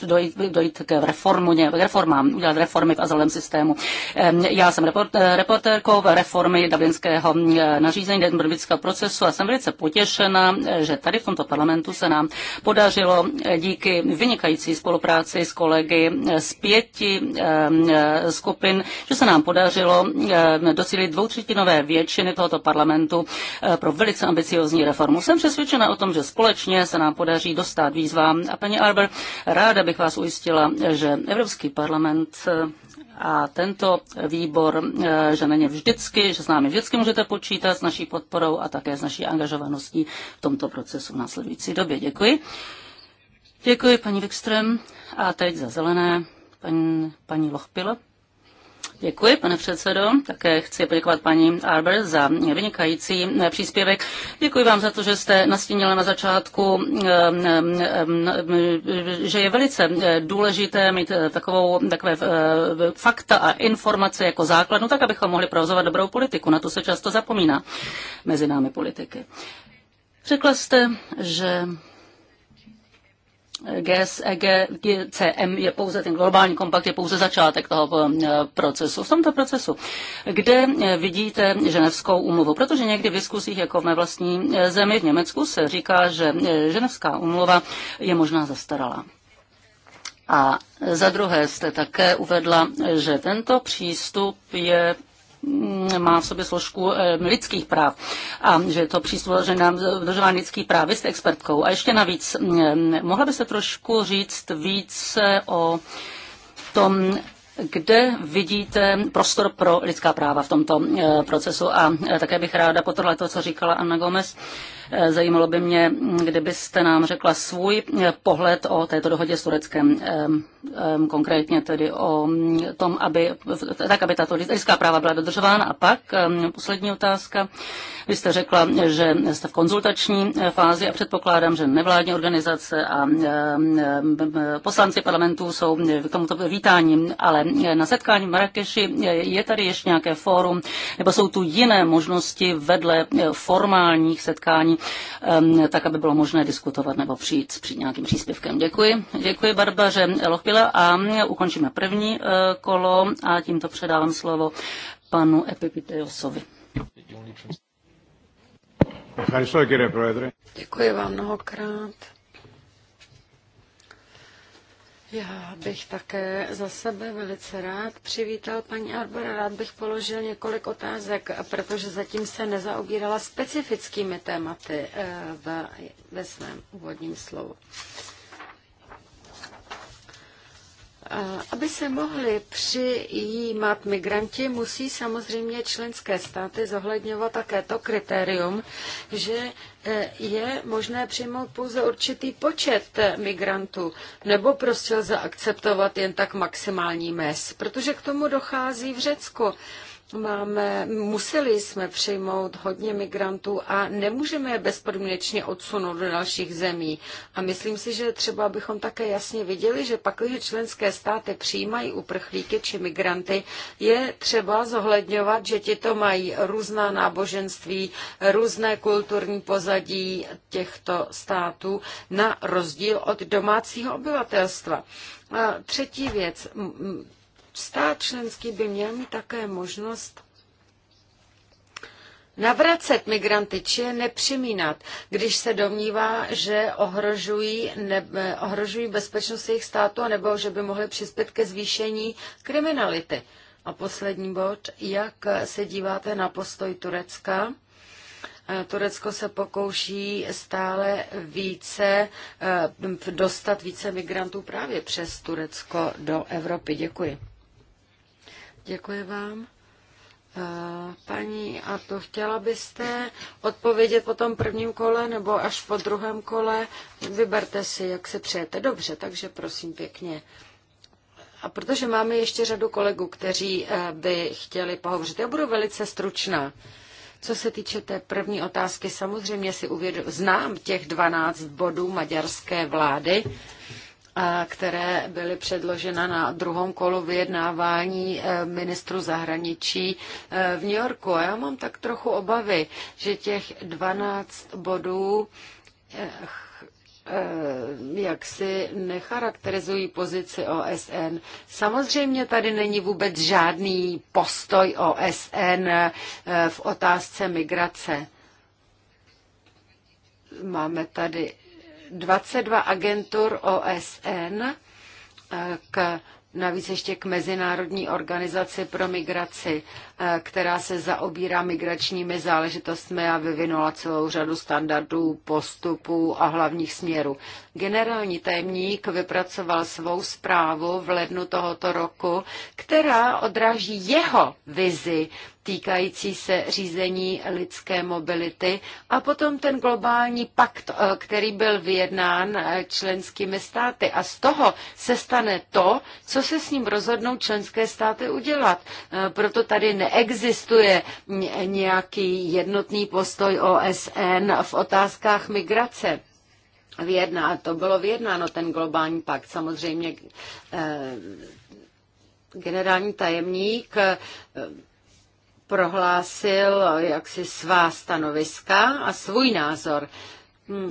Speaker 3: dojít, dojít k reformu, reformám, udělat reformy v azylovém systému. Já jsem reportérkou reformy dublinského nařízení dublinského procesu a jsem velice potěšena, že tady v tomto parlamentu se nám podařilo díky díky vynikající spolupráci s kolegy z pěti eh, skupin, že se nám podařilo docílit dvoutřetinové většiny tohoto parlamentu eh, pro velice ambiciozní reformu. Jsem přesvědčena o tom, že společně se nám podaří dostat výzvám. A paní Arber, ráda bych vás ujistila, že Evropský parlament eh, a tento výbor, že na ně vždycky, že s námi vždycky můžete počítat s naší podporou a také s naší angažovaností v tomto procesu v následující době. Děkuji. Děkuji paní Wikström a teď za zelené paní, paní Lochpil. Děkuji, pane předsedo. Také chci poděkovat paní Arber za vynikající eh, příspěvek. Děkuji vám za to, že jste nastínila na začátku, eh, eh, že je velice důležité mít takovou, takové fakta a informace jako základnu, tak abychom mohli provozovat dobrou politiku. Na to se často zapomíná mezi námi politiky. Řekla jste, že GS, e GCM je pouze ten globální kompakt, je pouze začátek toho eh, procesu. V tomto procesu, kde eh, vidíte ženevskou umluvu, protože někdy v diskusích, jako v mé vlastní eh, zemi v Německu, se říká, že ženevská umluva je možná zastaralá. A za druhé jste také uvedla, že tento přístup je Mm, má v sobě složku eh, lidských práv a že to přístup nám dodržování lidských práv. Vy jste expertkou. A ještě navíc, mm, mohla byste trošku říct více o tom, kde vidíte prostor pro lidská práva v tomto eh, procesu? A eh, také bych ráda potrhla to, co říkala Anna Gomez. Zajímalo by mě, mm, kdybyste nám řekla svůj pohled o této dohodě s Tureckem. Ehm, konkrétně tedy o mm, tom, aby, tak, aby tato lidská práva byla dodržována. A pak poslední otázka. Vy jste řekla, že jste v konzultační e, fázi a předpokládám, že nevládní organizace a poslanci parlamentů jsou k tomuto vítání, ale na setkání v Marrakeši je tady ještě nějaké fórum, nebo jsou tu jiné možnosti vedle e, formálních setkání, tak, aby bylo možné diskutovat nebo přijít s nějakým příspěvkem. Děkuji. Děkuji, Barbaře Lochpile cíl a ukončíme první eh, kolo a tímto předávám slovo panu Epipiteosovi.
Speaker 2: Děkuji vám
Speaker 1: mnohokrát. Já bych také za sebe velice rád přivítal paní Arbora. Rád bych položil několik otázek, protože zatím se nezaobírala specifickými tématy eh, ve, ve svém úvodním slovu. Aby se mohli přijímat migranti, musí samozřejmě členské státy zohledňovat také to kritérium, že e, je možné přijmout pouze určitý počet migrantů, nebo prostě lze akceptovat jen tak maximální mes, protože k tomu dochází v Řecku máme, museli jsme přijmout hodně migrantů a nemůžeme je bezpodmínečně odsunout do dalších zemí. A myslím si, že třeba bychom také jasně viděli, že pak, když členské státy přijímají uprchlíky či migranty, je třeba zohledňovat, že ti to mají různá náboženství, různé kulturní pozadí těchto států na rozdíl od domácího obyvatelstva. A třetí věc, Stát členský by měl mít také možnost Navracet migranty či je nepřimínat, když se domnívá, že ohrožují, ne, ohrožují bezpečnost jejich státu nebo že by mohly přispět ke zvýšení kriminality. A poslední bod, jak se díváte na postoj Turecka? Eh, Turecko se pokouší stále více eh, dostat více migrantů právě přes Turecko do Evropy. Děkuji. Děkuji vám. Paní a to chtěla byste odpovědět po tom prvním kole nebo až po druhém kole? Vyberte si, jak se přejete. Dobře, takže prosím pěkně. A protože máme ještě řadu kolegů, kteří eh, by chtěli pohovořit, já budu velice stručná. Co se týče té první otázky, samozřejmě si uvědu, znám těch 12 bodů maďarské vlády které byly předložena na druhém kolu vyjednávání eh, ministru zahraničí eh, v New Yorku. A já mám tak trochu obavy, že těch 12 bodů eh, jak si necharakterizují pozici OSN. Samozřejmě tady není vůbec žádný postoj OSN v otázce migrace. Máme tady 22 agentur OSN eh, k navíc ještě k Mezinárodní organizaci pro migraci, eh, která se zaobírá migračními záležitostmi a vyvinula celou řadu standardů, postupů a hlavních směrů. Generální tajemník vypracoval svou zprávu v lednu tohoto roku, která odráží jeho vizi týkající se řízení lidské mobility a potom ten globální pakt, eh, který byl vyjednán eh, členskými státy. A z toho se stane to, co se s ním rozhodnou členské státy udělat. Eh, proto tady neexistuje nějaký jednotný postoj OSN v otázkách migrace. Vyjedná, to bylo vyjednáno, ten globální pakt. Samozřejmě generální tajemník prohlásil eh, jaksi svá stanoviska a svůj názor.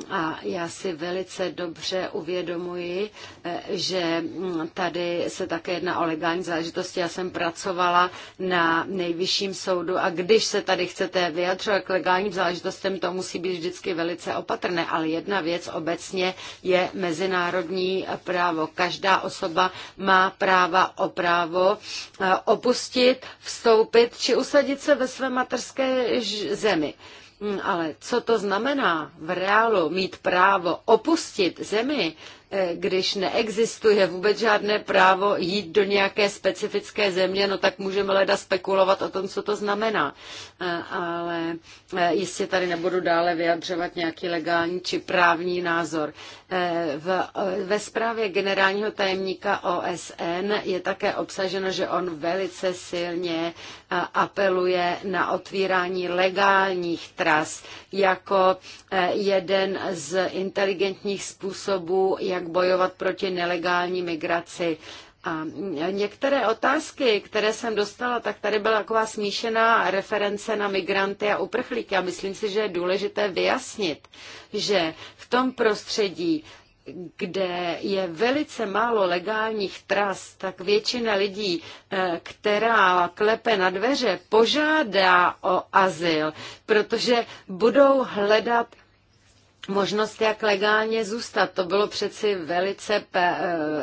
Speaker 1: A já si velice dobře uvědomuji, eh, že mm, tady se také jedná o legální záležitosti. Já jsem pracovala na nejvyšším soudu a když se tady chcete vyjadřovat k legálním záležitostem, to musí být vždycky velice opatrné. Ale jedna věc obecně je mezinárodní právo. Každá osoba má práva o právo eh, opustit, vstoupit či usadit se ve své materské zemi. Hmm, ale co to znamená v reálu mít právo opustit zemi, Eh, když neexistuje vůbec žádné právo jít do nějaké specifické země, no tak můžeme leda spekulovat o tom, co to znamená. Eh, ale eh, jistě tady nebudu dále vyjadřovat nějaký legální či právní názor. ve zprávě generálního tajemníka OSN je také obsaženo, že on velice silně apeluje na otvírání legálních tras jako jeden z inteligentních způsobů, jak jak bojovat proti nelegální migraci. A některé otázky, které jsem dostala, tak tady byla taková smíšená reference na migranty a uprchlíky. A myslím si, že je důležité vyjasnit, že v tom prostředí, kde je velice málo legálních tras, tak většina lidí, eh, která klepe na dveře, požádá o azyl, protože budou hledat možnost, jak legálně zůstat. To bylo přeci velice eh,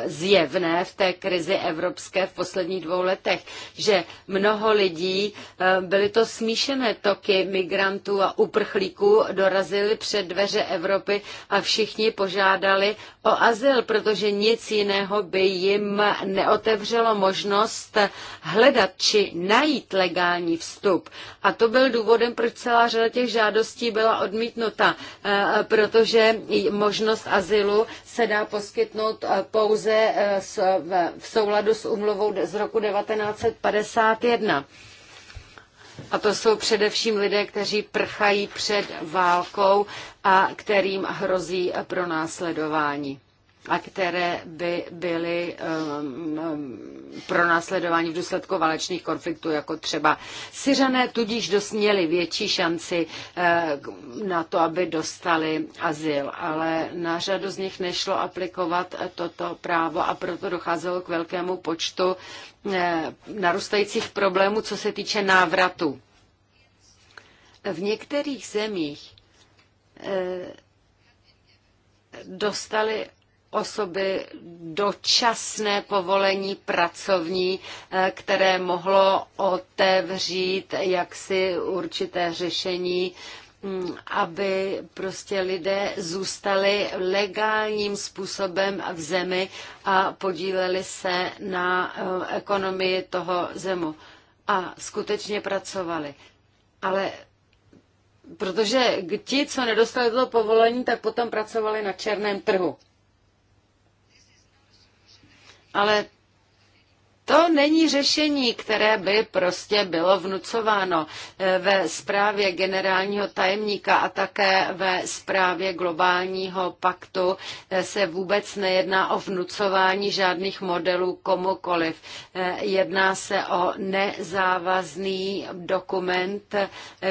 Speaker 1: zjevné v té krizi evropské v posledních dvou letech, že mnoho lidí, eh, byly to smíšené toky migrantů a uprchlíků, dorazili před dveře Evropy a všichni požádali o azyl, protože nic jiného by jim neotevřelo možnost hledat či najít legální vstup. A to byl důvodem, proč celá řada těch žádostí byla odmítnuta eh, protože možnost azylu se dá poskytnout eh, pouze eh, v souladu s umluvou z roku 1951. A to jsou především lidé, kteří prchají před válkou a kterým hrozí pro následování a které by byly um, um, následování v důsledku válečných konfliktů, jako třeba Syřané, tudíž dosměli větší šanci uh, na to, aby dostali azyl. Ale na řadu z nich nešlo aplikovat toto právo a proto docházelo k velkému počtu uh, narůstajících problémů, co se týče návratu. V některých zemích uh, dostali osoby dočasné povolení pracovní, eh, které mohlo otevřít jaksi určité řešení mm, aby prostě lidé zůstali legálním způsobem v zemi a podíleli se na eh, ekonomii toho zemu a skutečně pracovali. Ale protože ti, co nedostali to povolení, tak potom pracovali na černém trhu ale to není řešení, které by prostě bylo vnucováno eh, ve zprávě generálního tajemníka a také ve zprávě globálního paktu eh, se vůbec nejedná o vnucování žádných modelů komukoliv. Eh, jedná se o nezávazný dokument,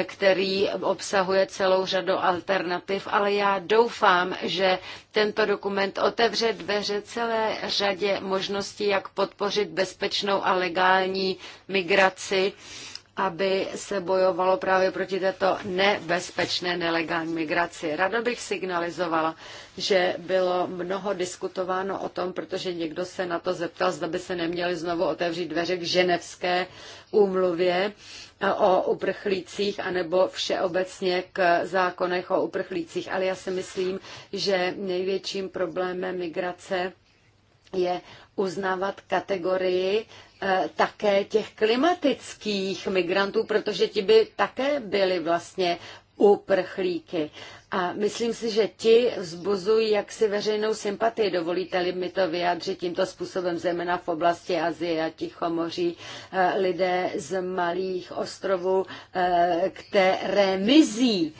Speaker 1: který obsahuje celou řadu alternativ, ale já doufám, že tento dokument otevře dveře celé řadě možností, jak podpořit bezpečnost bezpečnou a legální migraci, aby se bojovalo právě proti této nebezpečné nelegální migraci. Rada bych signalizovala, že bylo mnoho diskutováno o tom, protože někdo se na to zeptal, zda by se neměly znovu otevřít dveře k ženevské úmluvě eh, o uprchlících anebo všeobecně k zákonech o uprchlících. Ale já si myslím, že největším problémem migrace je uznávat kategorii eh, také těch klimatických migrantů, protože ti by také byli vlastně uprchlíky. A myslím si, že ti vzbuzují jaksi veřejnou sympatii, dovolíte-li mi to vyjádřit tímto způsobem, zejména v oblasti Azie a Tichomoří, eh, lidé z malých ostrovů, eh, které mizí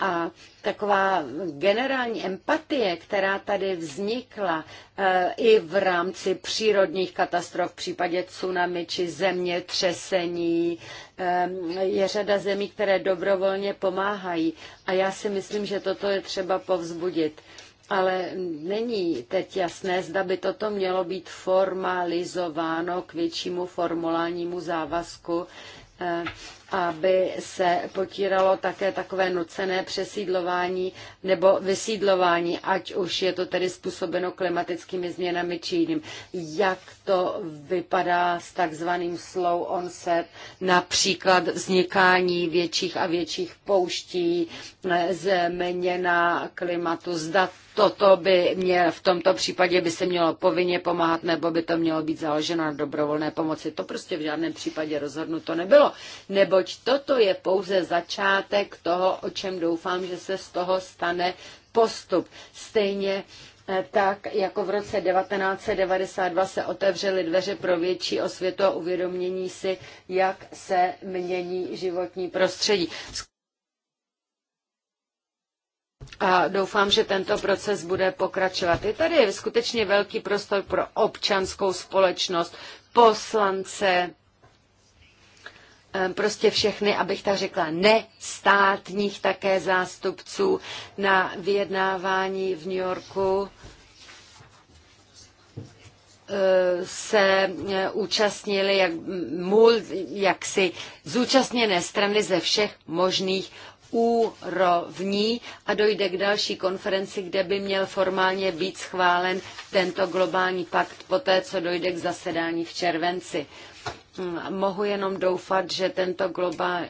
Speaker 1: a taková generální empatie, která tady vznikla e, i v rámci přírodních katastrof v případě tsunami či zemětřesení, e, je řada zemí, které dobrovolně pomáhají. A já si myslím, že toto je třeba povzbudit. Ale není teď jasné, zda by toto mělo být formalizováno k většímu formulálnímu závazku e, aby se potíralo také takové nucené přesídlování nebo vysídlování, ať už je to tedy způsobeno klimatickými změnami či jiným. Jak to vypadá s takzvaným slow onset, například vznikání větších a větších pouští, eh, změna klimatu, zda toto by mě v tomto případě by se mělo povinně pomáhat, nebo by to mělo být založeno na dobrovolné pomoci. To prostě v žádném případě rozhodnuto nebylo, nebo neboť toto je pouze začátek toho, o čem doufám, že se z toho stane postup. Stejně eh, tak jako v roce 1992 se otevřely dveře pro větší osvětu a uvědomění si, jak se mění životní prostředí. A doufám, že tento proces bude pokračovat. Je tady skutečně velký prostor pro občanskou společnost, poslance, Ehm, prostě všechny, abych tak řekla, nestátních také zástupců na vyjednávání v New Yorku ehm, se eh, účastnili jak, jaksi zúčastněné strany ze všech možných úrovní a dojde k další konferenci, kde by měl formálně být schválen tento globální pakt poté, co dojde k zasedání v červenci. Hm, mohu jenom doufat, že tento globální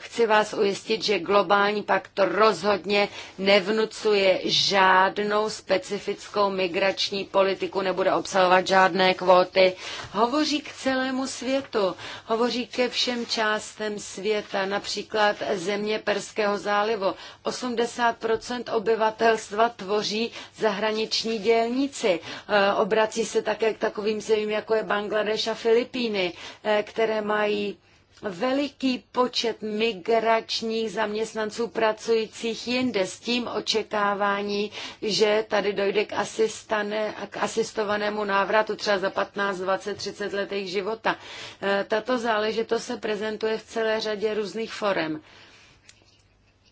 Speaker 1: chci vás ujistit, že globální pakt rozhodně nevnucuje žádnou specifickou migrační politiku, nebude obsahovat žádné kvóty. Hovoří k celému světu, hovoří ke všem částem světa, například země Perského zálivu. 80% obyvatelstva tvoří zahraniční dělníci. E, obrací se také k takovým zemím, jako je Bangladeš a Filipíny, e, které mají veliký počet migračních zaměstnanců pracujících jinde s tím očekávání, že tady dojde k, asistane, k asistovanému návratu třeba za 15, 20, 30 let jejich života. E, tato záležitost se prezentuje v celé řadě různých forem.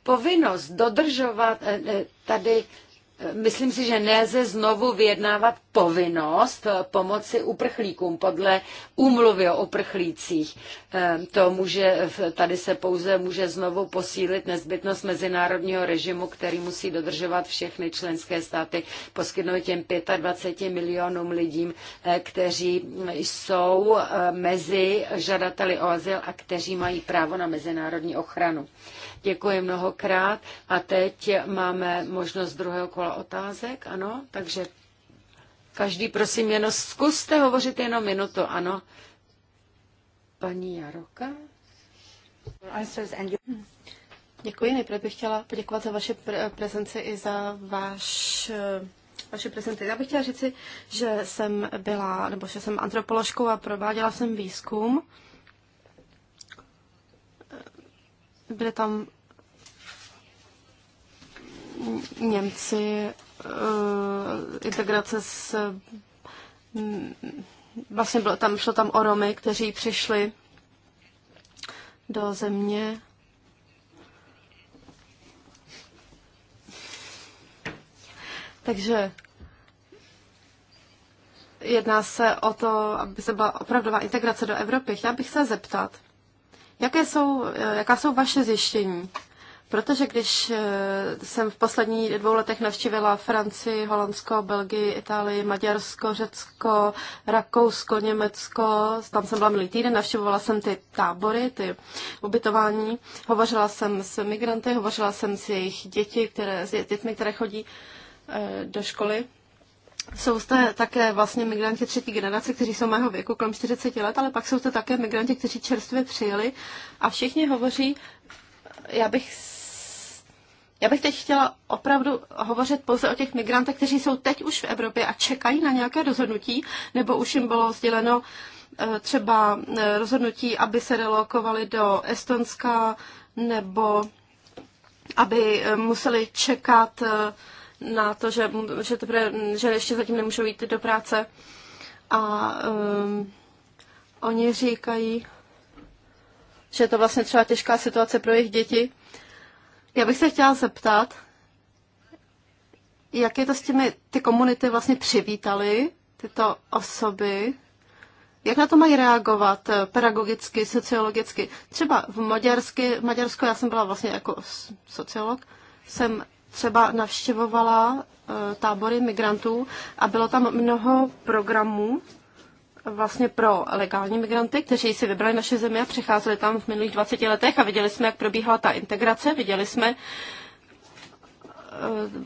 Speaker 1: Povinnost dodržovat e, e, tady Myslím si, že nelze znovu vyjednávat povinnost eh, pomoci uprchlíkům podle úmluvy o uprchlících. Ehm, to může, tady se pouze může znovu posílit nezbytnost mezinárodního režimu, který musí dodržovat všechny členské státy, poskytnout těm 25 milionům lidím, eh, kteří jsou eh, mezi žadateli o azyl a kteří mají právo na mezinárodní ochranu. Děkuji mnohokrát a teď máme možnost druhého kola otázek, ano, takže každý prosím jenom zkuste hovořit jenom minutu, ano. Paní Jaroka?
Speaker 2: Děkuji. Nejprve bych chtěla poděkovat za vaše pre- prezenci i za váš eh, vaše prezenty. Já bych chtěla říci, že jsem byla, nebo že jsem antropoložkou a prováděla jsem výzkum. byli tam Němci, eh, integrace s mm, vlastně bylo tam, šlo tam o Romy, kteří přišli do země. Takže jedná se o to, aby se byla opravdová integrace do Evropy. Chtěla bych se zeptat, Jaké jsou, eh, jaká jsou vaše zjištění? Protože když eh, jsem v posledních dvou letech navštívila Francii, Holandsko, Belgii, Itálii, Maďarsko, Řecko, Rakousko, Německo, tam jsem byla minulý týden, navštívovala jsem ty tábory, ty ubytování, hovořila jsem s migranty, hovořila jsem s jejich děti, které, s dětmi, které chodí eh, do školy jsou zde také vlastně migranti třetí generace, kteří jsou mého věku kolem 40 let, ale pak jsou to také migranti, kteří čerstvě přijeli a všichni hovoří, já bych já bych teď chtěla opravdu hovořit pouze o těch migrantech, kteří jsou teď už v Evropě a čekají na nějaké rozhodnutí, nebo už jim bylo sděleno eh, třeba eh, rozhodnutí, aby se relokovali do Estonska, nebo eh, aby museli čekat na to, že, že, teprve, že ještě zatím nemůžou jít do práce. A um, oni říkají, že je to vlastně třeba těžká situace pro jejich děti. Já bych se chtěla zeptat, jak je to s těmi, ty komunity vlastně přivítaly, tyto osoby, jak na to mají reagovat eh, pedagogicky, sociologicky? Třeba v Maďarsky, Maďarsko, já jsem byla vlastně jako sociolog, jsem třeba navštěvovala eh, tábory migrantů a bylo tam mnoho programů eh, vlastně pro legální migranty, kteří si vybrali naše země a přicházeli tam v minulých 20 letech a viděli jsme, jak probíhala ta integrace, viděli jsme, eh,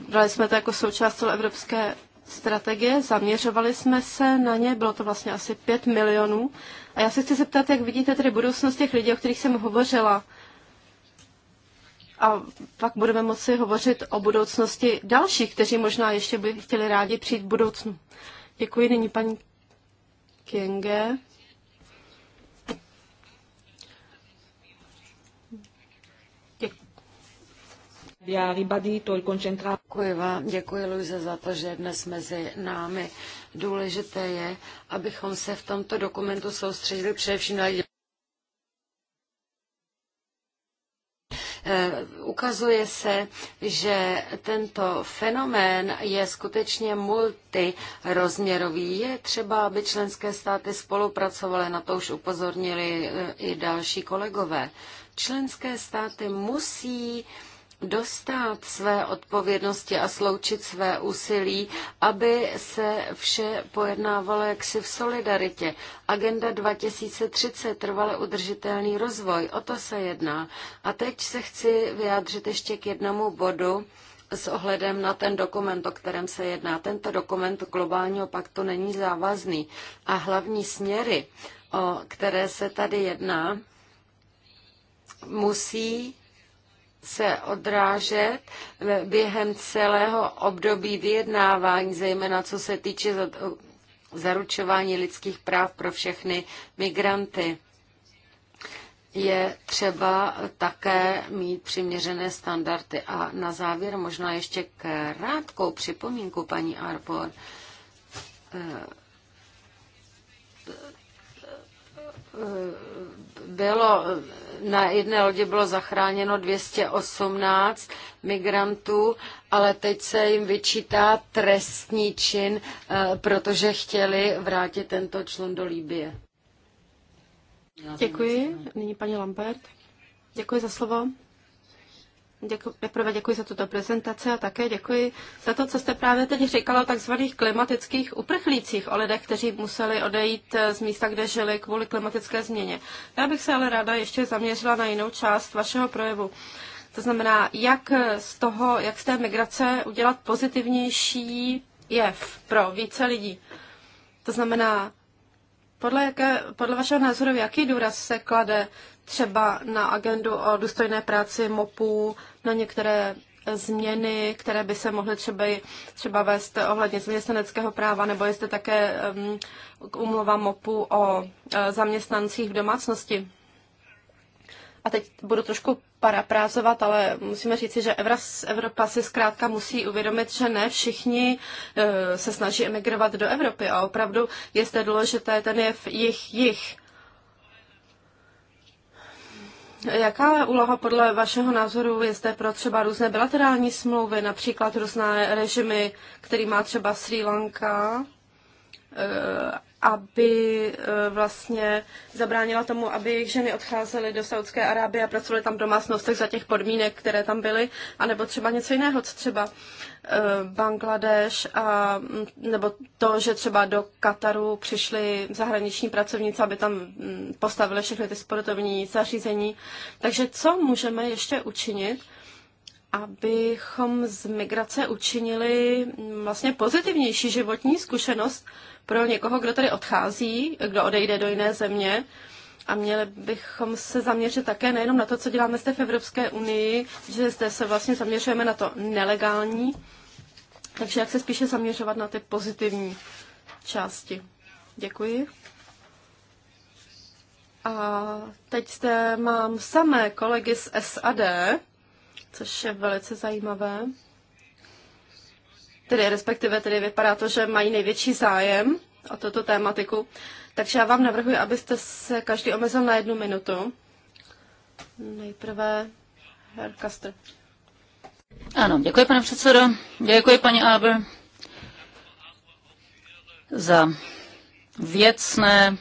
Speaker 2: brali jsme to jako součást celoevropské strategie, zaměřovali jsme se na ně, bylo to vlastně asi 5 milionů. A já se chci zeptat, jak vidíte tedy budoucnost těch lidí, o kterých jsem hovořila, a pak budeme moci hovořit o budoucnosti dalších, kteří možná ještě by chtěli rádi přijít v budoucnu. Děkuji nyní paní Kienge.
Speaker 1: Děkuji vám, děkuji Luise za to, že dnes mezi námi. Důležité je, abychom se v tomto dokumentu soustředili především na Eh, ukazuje se, že tento fenomén je skutečně multirozměrový. Je třeba, aby členské státy spolupracovaly, na to už upozornili eh, i další kolegové. Členské státy musí uh, dostát své odpovědnosti a sloučit své úsilí, aby se vše pojednávalo jaksi v solidaritě. Agenda 2030, trvale udržitelný rozvoj, o to se jedná. A teď se chci vyjádřit ještě k jednomu bodu, s ohledem na ten dokument, o kterém se jedná. Tento dokument globálního paktu není závazný a hlavní směry, o které se tady jedná, musí se odrážet během celého období vyjednávání, zejména co se týče zaručování lidských práv pro všechny migranty. Je třeba také mít přiměřené standardy. A na závěr možná ještě krátkou připomínku, paní Arbor eh, eh, bylo na jedné lodi bylo zachráněno 218 migrantů, ale teď se jim vyčítá trestní čin, eh, protože chtěli vrátit tento člun do Líbie.
Speaker 2: Děkuji. Nyní paní Lambert. Děkuji za slovo. Děkuji, nejprve děkuji za tuto prezentaci a také děkuji za to, co jste právě teď říkala o takzvaných klimatických uprchlících, o lidech, kteří museli odejít eh, z místa, kde žili kvůli klimatické změně. Já bych se ale ráda ještě zaměřila na jinou část vašeho projevu. To znamená, jak z toho, jak z té migrace udělat pozitivnější jev pro více lidí. To znamená, podle, jaké, podle vašeho názoru, jaký důraz se klade třeba na agendu o důstojné práci MOPů, na některé změny, které by se mohly třeba, třeba vést ohledně zaměstnaneckého práva, nebo jestli také um, umluva MOPu o e, zaměstnancích v domácnosti. A teď budu trošku paraprázovat, ale musíme říci, že Evropa si zkrátka musí uvědomit, že ne všichni e, se snaží emigrovat do Evropy a opravdu je zde důležité ten jev jich, jich Jaká úloha podle vašeho názoru je zde pro třeba různé bilaterální smlouvy, například různé režimy, který má třeba Sri Lanka eh, aby eh, vlastně zabránila tomu, aby jejich ženy odcházely do Saudské Arábie a pracovaly tam v domácnostech za těch podmínek, které tam byly, anebo třeba něco jiného, co třeba eh, Bangladeš, a, mm, nebo to, že třeba do Kataru přišli zahraniční pracovníci, aby tam mm, postavili všechny ty sportovní zařízení. Takže co můžeme ještě učinit, abychom z migrace učinili mm, vlastně pozitivnější životní zkušenost, pro někoho, kdo tady odchází, kdo odejde do jiné země. A měli bychom se zaměřit také nejenom na to, co děláme zde v Evropské unii, že zde se vlastně zaměřujeme na to nelegální, takže jak se spíše zaměřovat na ty pozitivní části. Děkuji. A teď zde mám samé kolegy z SAD, což je velice zajímavé tedy respektive tedy vypadá to, že mají největší zájem o tuto tématiku. Takže já vám navrhuji, abyste se každý omezil na jednu minutu. Nejprve Herr Kastr.
Speaker 3: Ano, děkuji, pane předsedo. Děkuji, paní Aber, za věcné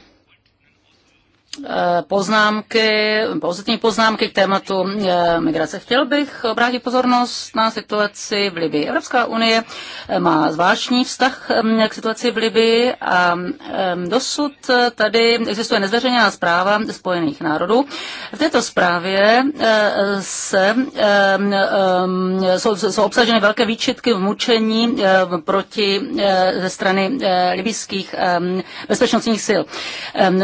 Speaker 3: Eh, poznámky, pozitivní poznámky k tématu eh, migrace. Chtěl bych obrátit pozornost na situaci v Libii. Evropská unie eh, má zvláštní vztah k situaci v Libii a dosud tady existuje nezveřejněná zpráva Spojených národů. V této zprávě se, jsou, jsou obsaženy velké výčitky v mučení proti ze strany libijských bezpečnostních sil.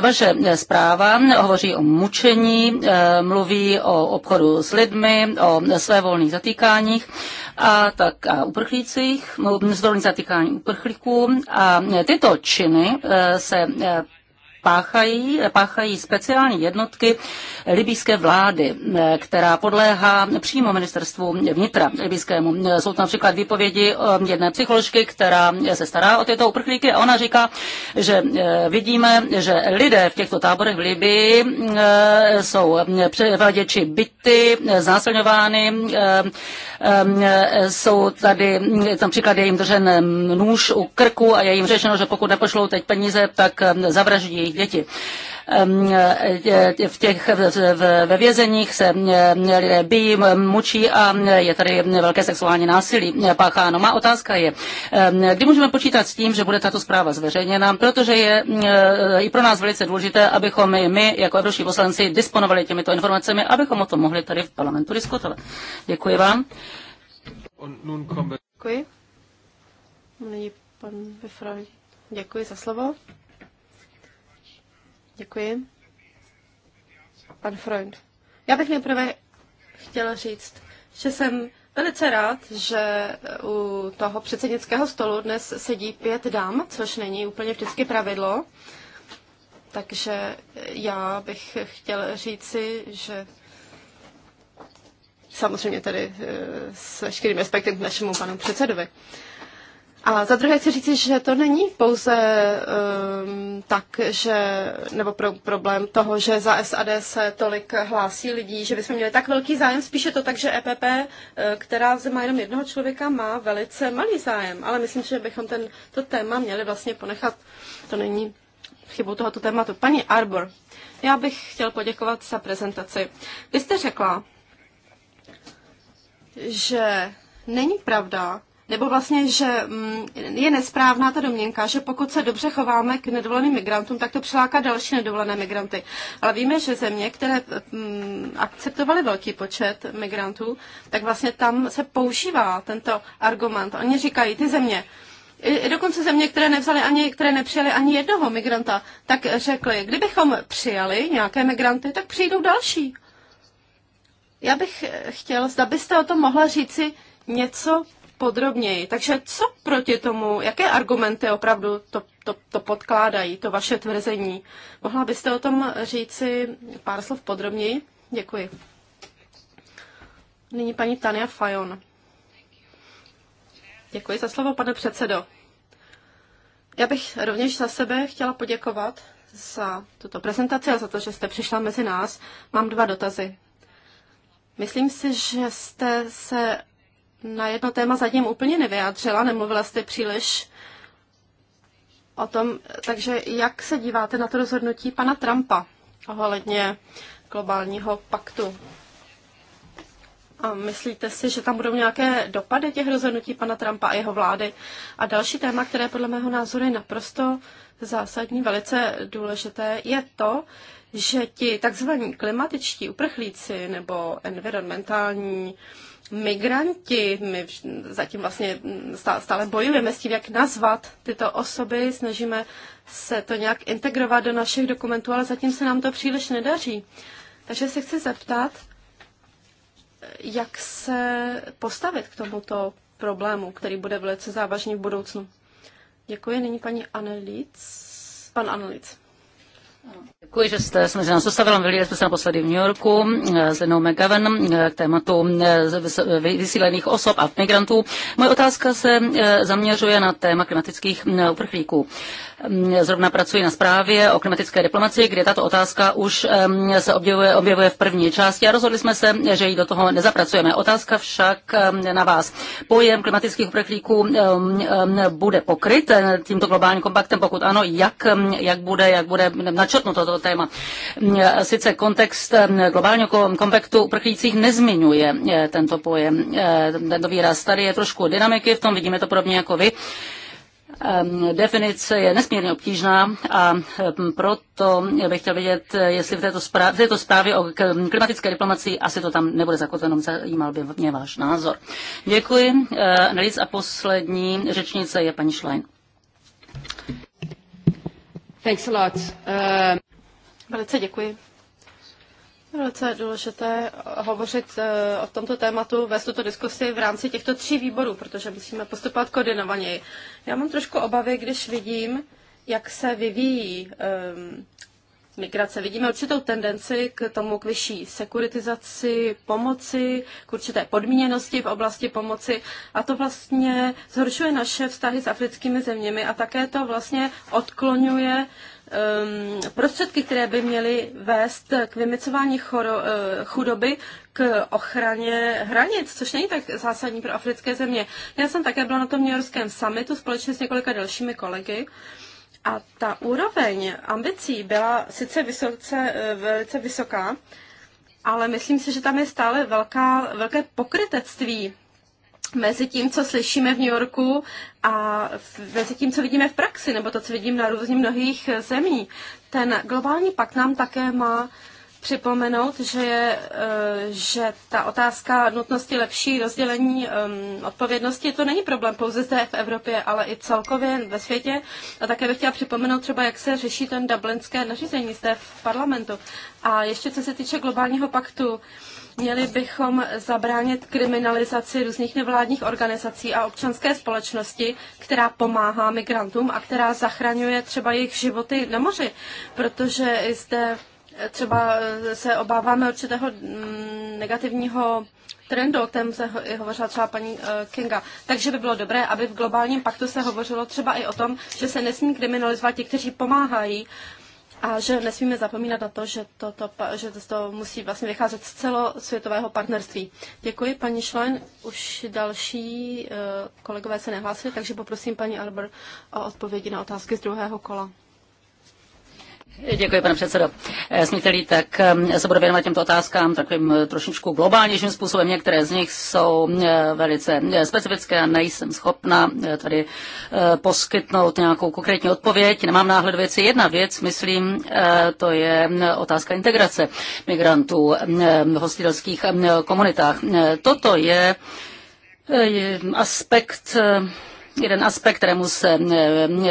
Speaker 3: Vaše zpráva práva, hovoří o mučení, eh, mluví o obchodu s lidmi, o svévolných zatýkáních a tak a uprchlících, zvolných no, zatýkání uprchlíků. A tyto činy eh, se eh, páchají, páchají speciální jednotky libýské vlády, eh, která podléhá přímo ministerstvu vnitra libýskému. Eh, jsou tam například výpovědi eh, jedné psycholožky, která se stará o tyto uprchlíky a ona říká, že vidíme, že lidé v těchto táborech v Libii jsou převaděči byty, znásilňovány, jsou tady, tam příklad je jim držen nůž u krku a je jim řečeno, že pokud nepošlou teď peníze, tak zavraždí malých děti. V těch, ve vězeních se lidé bijí, mučí a je tady velké sexuální násilí pácháno. Má otázka je, kdy můžeme počítat s tím, že bude tato zpráva zveřejněna, protože je e, i pro nás velice důležité, abychom i my jako evropští poslanci disponovali těmito informacemi, abychom o tom mohli tady v parlamentu diskutovat. Děkuji vám.
Speaker 2: Děkuji. pan Děkuji za slovo. Děkuji. Pan Freund. Já bych nejprve chtěla říct, že jsem velice rád, že u toho předsednického stolu dnes sedí pět dám, což není úplně vždycky pravidlo. Takže já bych chtěla říci, že samozřejmě tady eh, s veškerým respektem k našemu panu předsedovi. A za druhé chci říct, že to není pouze um, tak, že, nebo pro, problém toho, že za SAD se tolik hlásí lidí, že bychom měli tak velký zájem, spíše to tak, že EPP, eh, která má jenom jednoho člověka, má velice malý zájem, ale myslím, že bychom ten, to téma měli vlastně ponechat. To není chybou tohoto tématu. Paní Arbor, já bych chtěl poděkovat za prezentaci. Vy jste řekla, že není pravda, nebo vlastně, že mm, je nesprávná ta domněnka, že pokud se dobře chováme k nedovoleným migrantům, tak to přiláká další nedovolené migranty. Ale víme, že země, které mm, akceptovaly velký počet migrantů, tak vlastně tam se používá tento argument. Oni říkají, ty země, i dokonce země, které nevzali ani, které nepřijali ani jednoho migranta, tak řekli, kdybychom přijali nějaké migranty, tak přijdou další. Já bych chtěl, zda byste o tom mohla říci něco podrobněji. Takže co proti tomu, jaké argumenty opravdu to, to, to podkládají, to vaše tvrzení? Mohla byste o tom říci pár slov podrobněji? Děkuji. Nyní paní Tania Fajon. Děkuji za slovo, pane předsedo. Já bych rovněž za sebe chtěla poděkovat za tuto prezentaci a za to, že jste přišla mezi nás. Mám dva dotazy. Myslím si, že jste se na jedno téma zatím úplně nevyjádřila, nemluvila jste příliš o tom, takže jak se díváte na to rozhodnutí pana Trumpa ohledně globálního paktu? A myslíte si, že tam budou nějaké dopady těch rozhodnutí pana Trumpa a jeho vlády? A další téma, které podle mého názoru je naprosto zásadní, velice důležité, je to, že ti takzvaní klimatičtí uprchlíci nebo environmentální uh, migranti. My zatím vlastně stále bojujeme s tím, jak nazvat tyto osoby, snažíme se to nějak integrovat do našich dokumentů, ale zatím se nám to příliš nedaří. Takže se chci zeptat, jak se postavit k tomuto problému, který bude velice závažný v budoucnu. Děkuji. Nyní paní Annelic. Pan Annelic.
Speaker 3: Děkuji, že jste jsme se nás dostavila. Viděli jsme se naposledy v New Yorku eh, s Lenou McGovern eh, k tématu eh, vysílených osob a migrantů. Moje otázka se zaměřuje na téma klimatických uprchlíků. Mm, zrovna pracuji na zprávě o klimatické diplomacii, kde tato otázka už se objevuje, objevuje v první části a rozhodli jsme se, že ji do toho nezapracujeme. Otázka však na vás. Pojem klimatických uprchlíků bude pokryt eh, tímto globálním kompaktem, pokud ano, jak, jak bude, jak bude načrtnout toto téma. Mm, sice kontext globálního kompaktu uprchlících nezmiňuje eh, tento pojem, eh, tento výraz. Tady je trošku dynamiky, v tom vidíme to podobně jako vy definice je nesmírně obtížná a proto bych chtěl vědět, jestli v této, zpráv, v této zprávě o klimatické diplomacii asi to tam nebude zakotveno, zajímal by mě váš názor. Děkuji. Navíc a poslední řečnice je paní Schlein.
Speaker 2: Thanks a lot. Velice děkuji. Velice důležité hovořit eh, o tomto tématu, vést tuto diskusi v rámci těchto tří výborů, protože musíme postupovat koordinovaněji. Já mám trošku obavy, když vidím, jak se vyvíjí um, migrace. Vidíme určitou tendenci k tomu k vyšší sekuritizaci pomoci, k určité podmíněnosti v oblasti pomoci a to vlastně zhoršuje naše vztahy s africkými zeměmi a také to vlastně odklonuje Ehm, prostředky, které by měly vést k vymycování choro, eh, chudoby, k ochraně hranic, což není tak zásadní pro africké země. Já jsem také byla na tom New Yorkském summitu společně s několika dalšími kolegy. A ta úroveň ambicí byla sice vysoce, eh, velice vysoká, ale myslím si, že tam je stále velká, velké pokrytectví mezi tím, co slyšíme v New Yorku a mezi tím, co vidíme v praxi, nebo to, co vidím na různých mnohých eh, zemí. Ten globální pakt nám také má připomenout, že, eh, že ta otázka nutnosti lepší rozdělení ehm, odpovědnosti, to není problém pouze zde v Evropě, ale i celkově ve světě. A také bych chtěla připomenout třeba, jak se řeší ten dublinské nařízení zde v parlamentu. A ještě co se týče globálního paktu, Měli bychom zabránit kriminalizaci různých nevládních organizací a občanské společnosti, která pomáhá migrantům a která zachraňuje třeba jejich životy na moři, protože zde třeba eh, se obáváme určitého mm, negativního trendu, o kterém se hovořila třeba paní eh, Kinga. Takže by bylo dobré, aby v globálním paktu se hovořilo třeba i o tom, že se nesmí kriminalizovat ti, kteří pomáhají a že nesmíme zapomínat na to, že to, to, že to, to musí vlastně vycházet z celosvětového partnerství. Děkuji, paní Šlen. Už další eh, kolegové se nehlásili, takže poprosím paní Arbor o odpovědi na otázky z druhého kola.
Speaker 3: Děkuji, pane předsedo. Eh, smíte-li, tak eh, se budu věnovat těmto otázkám takovým eh, trošičku globálnějším způsobem. Některé z nich jsou velice specifické a nejsem schopna tady poskytnout nějakou konkrétní odpověď. Nemám náhled věci. Jedna věc, myslím, to je otázka integrace migrantů v hostitelských komunitách. Toto je aspekt jeden aspekt, kterému se eh,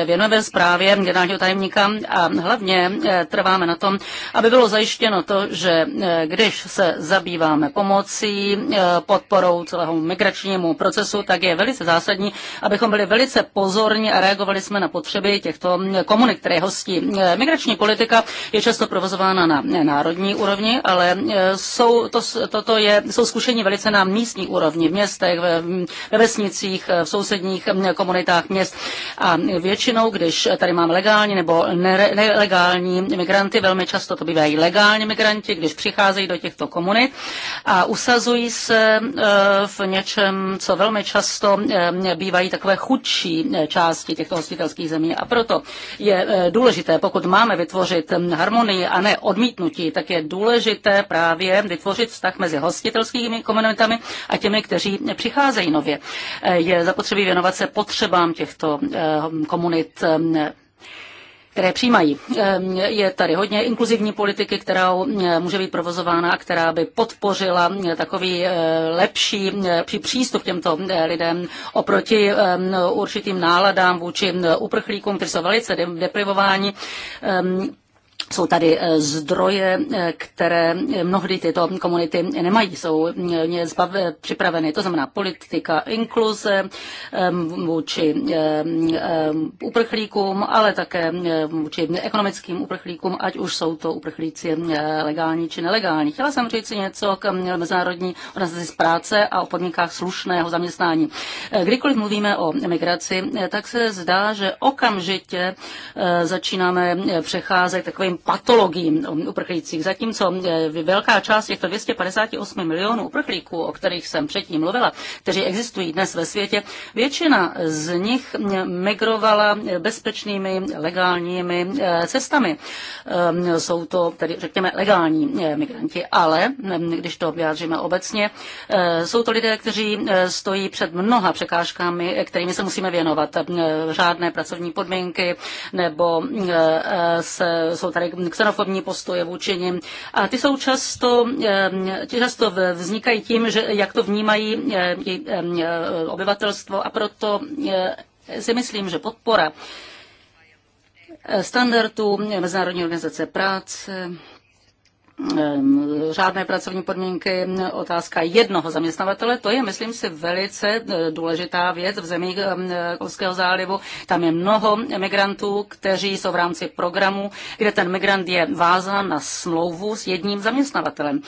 Speaker 3: věnujeme ve zprávě generálního tajemníka a hlavně eh, trváme na tom, aby bylo zajištěno to, že eh, když se zabýváme pomocí, podporou celého migračnímu procesu, tak je velice zásadní, abychom byli velice pozorní a reagovali jsme na potřeby těchto komunit, které hostí. Migrační politika je často provozována na národní úrovni, ale jsou, to, toto je, jsou zkušení velice na místní úrovni, v městech, ve vesnicích, v sousedních komunitách měst. A většinou, když tady máme legální nebo nelegální migranty, velmi často to bývají legální migranti, když přicházejí do těchto komunit a usazují se e, v něčem, co velmi často e, bývají takové chudší e, části těchto hostitelských zemí. A proto je důležité, pokud máme vytvořit harmonii a ne odmítnutí, tak je důležité právě vytvořit vztah mezi hostitelskými komunitami a těmi, kteří přicházejí nově. Je zapotřebí věnovat se pod potřebám těchto eh, komunit eh, které přijímají. Eh, je tady hodně inkluzivní politiky, která může být provozována a která by podpořila takový lepší přístup k těmto lidem oproti určitým náladám vůči uprchlíkům, kteří jsou velice deprivováni. Jsou tady eh, zdroje, eh, které eh, mnohdy tyto komunity nemají, jsou připraveny. To znamená politika inkluze vůči uprchlíkům, ale také vůči ekonomickým uprchlíkům, ať už jsou to uprchlíci legální či nelegální. Chtěla jsem říct něco k Mezinárodní organizaci práce a o podmínkách slušného zaměstnání. Kdykoliv mluvíme o migraci, tak se zdá, že okamžitě začínáme přecházet takovým patologiím uprchlících. Zatímco eh, velká část těchto 258 milionů uprchlíků, o kterých jsem předtím mluvila, kteří existují dnes ve světě, většina z nich eh, migrovala eh, bezpečnými legálními cestami. Jsou to tedy, řekněme, legální migranti, ale když to vyjádříme obecně, jsou to lidé, kteří stojí před mnoha překážkami, kterými se musíme věnovat. Řádné pracovní podmínky nebo se, jsou tady ksenofobní postoje vůči nim. A ty jsou často, eh, často vznikají tím, že jak to vnímají eh, eh, obyvatelstvo a proto si myslím, že podpora standardů Mezinárodní organizace práce, Ehm, řádné pracovní podmínky, otázka jednoho zaměstnavatele, to je, myslím si, velice eh, důležitá věc v zemích ehm, Kolského zálivu. Tam je mnoho migrantů, kteří jsou v rámci programu, kde ten migrant je vázán na smlouvu s jedním zaměstnavatelem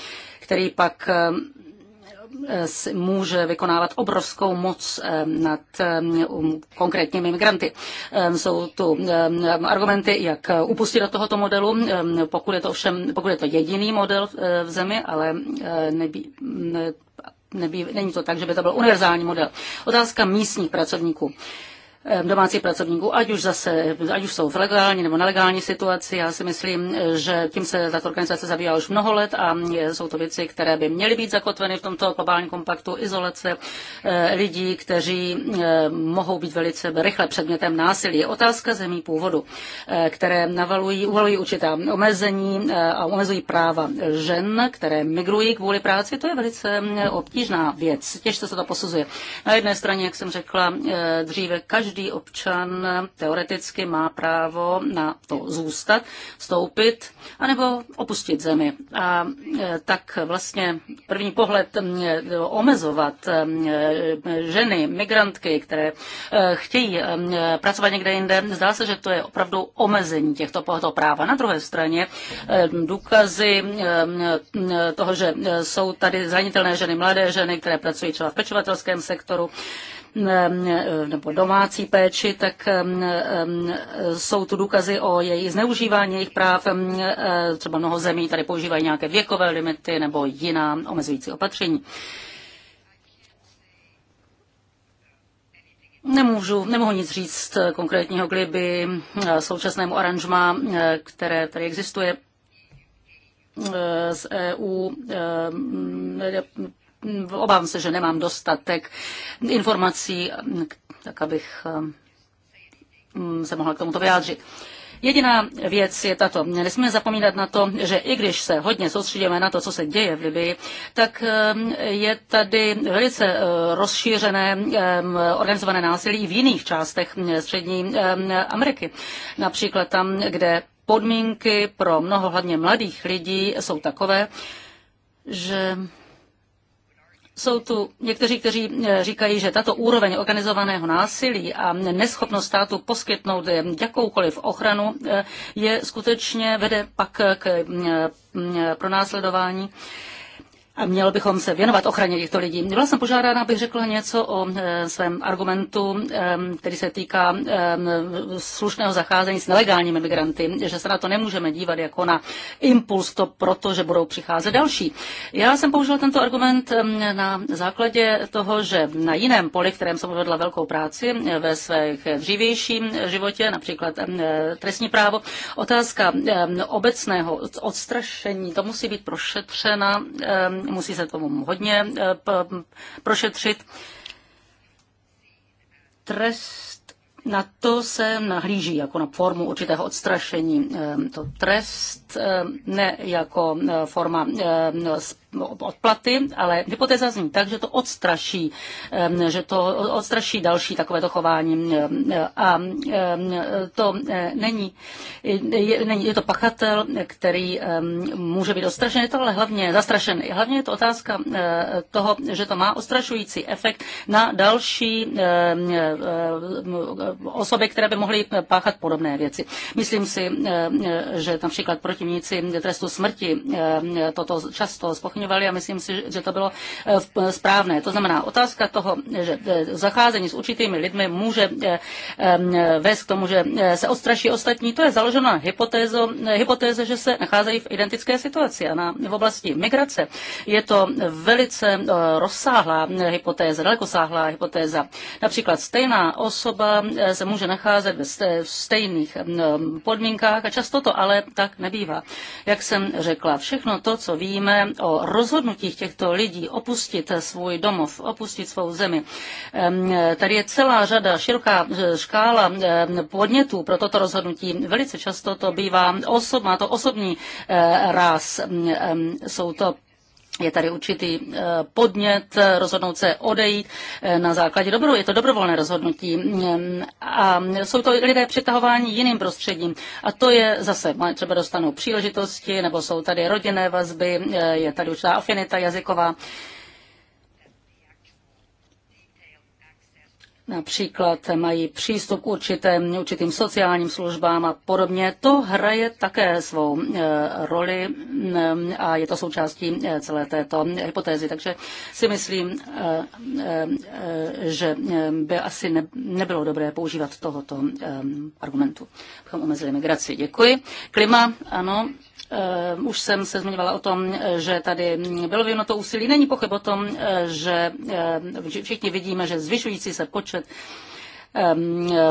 Speaker 3: který pak ehm, může vykonávat obrovskou moc eh, nad eh, um, konkrétními migranty. Eh, jsou tu argumenty, jak upustit do tohoto modelu, pokud je to ovšem, pokud je to jediný model v zemi, ale nebý, nebý, není to tak, že by to byl univerzální model. Otázka místních pracovníků. Eh, domácích pracovníků, ať už, zase, ať už jsou v legální nebo nelegální situaci. Já si myslím, že tím se tato organizace zabývá už mnoho let a jsou to věci, které by měly být zakotveny v tomto globálním kompaktu izolace eh, lidí, kteří eh, mohou být velice rychle předmětem násilí. Je otázka zemí původu, které navalují, uvalují určitá omezení a omezují práva žen, které migrují kvůli práci. To je velice obtížná věc. Těžce se to posuzuje. Na jedné straně, jak jsem řekla dříve, každý každý občan teoreticky má právo na to zůstat, stoupit anebo opustit zemi. A e, tak vlastně první pohled e, omezovat e, ženy, migrantky, které chtějí pracovat někde jinde, zdá se, že to je opravdu omezení těchto tohoto práva. Na druhé straně důkazy toho, že jsou tady zranitelné ženy, mladé ženy, které pracují třeba v pečovatelském sektoru, nebo domácí péči, tak jsou tu důkazy o jejich zneužívání jejich práv. E, třeba mnoho zemí tady používají nějaké věkové limity nebo jiná omezující opatření. Nemůžu, nemohu nic říct konkrétního kliby e, současnému aranžma, e, které tady existuje z EU obávám se, že nemám dostatek informací, tak abych mm, se mohla k tomuto vyjádřit. Jediná věc je tato. Nesmíme zapomínat na to, že i když se hodně soustředíme na to, co se děje v Libii, tak eh, je tady velice eh, rozšířené eh, organizované násilí v jiných částech střední Ameriky. Například tam, kde podmínky pro mnoho hlavně mladých lidí jsou takové, že jsou tu někteří, kteří eh, říkají, že tato úroveň organizovaného násilí a neschopnost státu poskytnout eh, jakoukoliv ochranu eh, je skutečně vede pak k pronásledování a mělo bychom se věnovat ochraně těchto lidí. Byla jsem požádána, abych řekla něco o eh, svém argumentu, ehm, který se týká ehm, slušného zacházení s nelegálními migranty, že se na to nemůžeme dívat jako na impuls to proto, že budou přicházet další. Já jsem použila tento argument ehm, na základě toho, že na jiném poli, kterém jsem uvedla velkou práci eh, ve svých eh, dřívějším životě, například trestní právo, otázka obecného odstrašení, to musí být prošetřena musí se tomu hodně eh, prošetřit. Trest na to se nahlíží jako na formu určitého odstrašení. Eh, to trest eh, ne jako forma No, odplaty, ale hypotéza zní tak, že to odstraší, že to odstraší další takovéto chování. A to e, není, je to pachatel, který může být odstrašen, je to ale hlavně zastrašený. Hlavně je to otázka e, toho, že to má odstrašující efekt na další e, osoby, které by mohly páchat podobné věci. Myslím si, že například protivníci trestu smrti toto často spochybňují uplatňovali a myslím si, že to bylo eh, správné. To znamená, otázka toho, že eh, zacházení s určitými lidmi může eh, vést k tomu, že se odstraší ostatní, to je založeno na hypotézo, hypotéze, že se nacházejí v identické situaci. A na, v oblasti migrace je to velice rozsáhlá hypotéza, dalekosáhlá hypotéza. Například stejná osoba se může nacházet ve stejných podmínkách a často to ale tak nebývá. Jak jsem řekla, všechno to, co víme o rozhodnutích těchto lidí opustit svůj domov, opustit svou zemi. Tady je celá řada, široká eh, škála podnětů pro toto rozhodnutí. Velice často to bývá osob, má to osobní eh, ráz. Jsou to je tady určitý eh, podnět eh, rozhodnout se odejít eh, na základě dobrou. Je to dobrovolné rozhodnutí. Mm, a jsou to lidé přitahování jiným prostředím. A to je zase, třeba dostanou příležitosti, nebo jsou tady rodinné vazby, je tady určitá afinita jazyková. například mají přístup k určitém, určitým sociálním službám a podobně. To hraje také svou eh, roli eh, a je to součástí eh, celé této hypotézy. Takže si myslím, že by asi nebylo dobré používat tohoto argumentu. Bychom omezili migraci. Děkuji. Klima, ano. Uh, už jsem se zmiňovala o tom, že tady bylo vyvinuto úsilí. Není pochyb o tom, že uh, všichni vidíme, že zvyšující se počet počet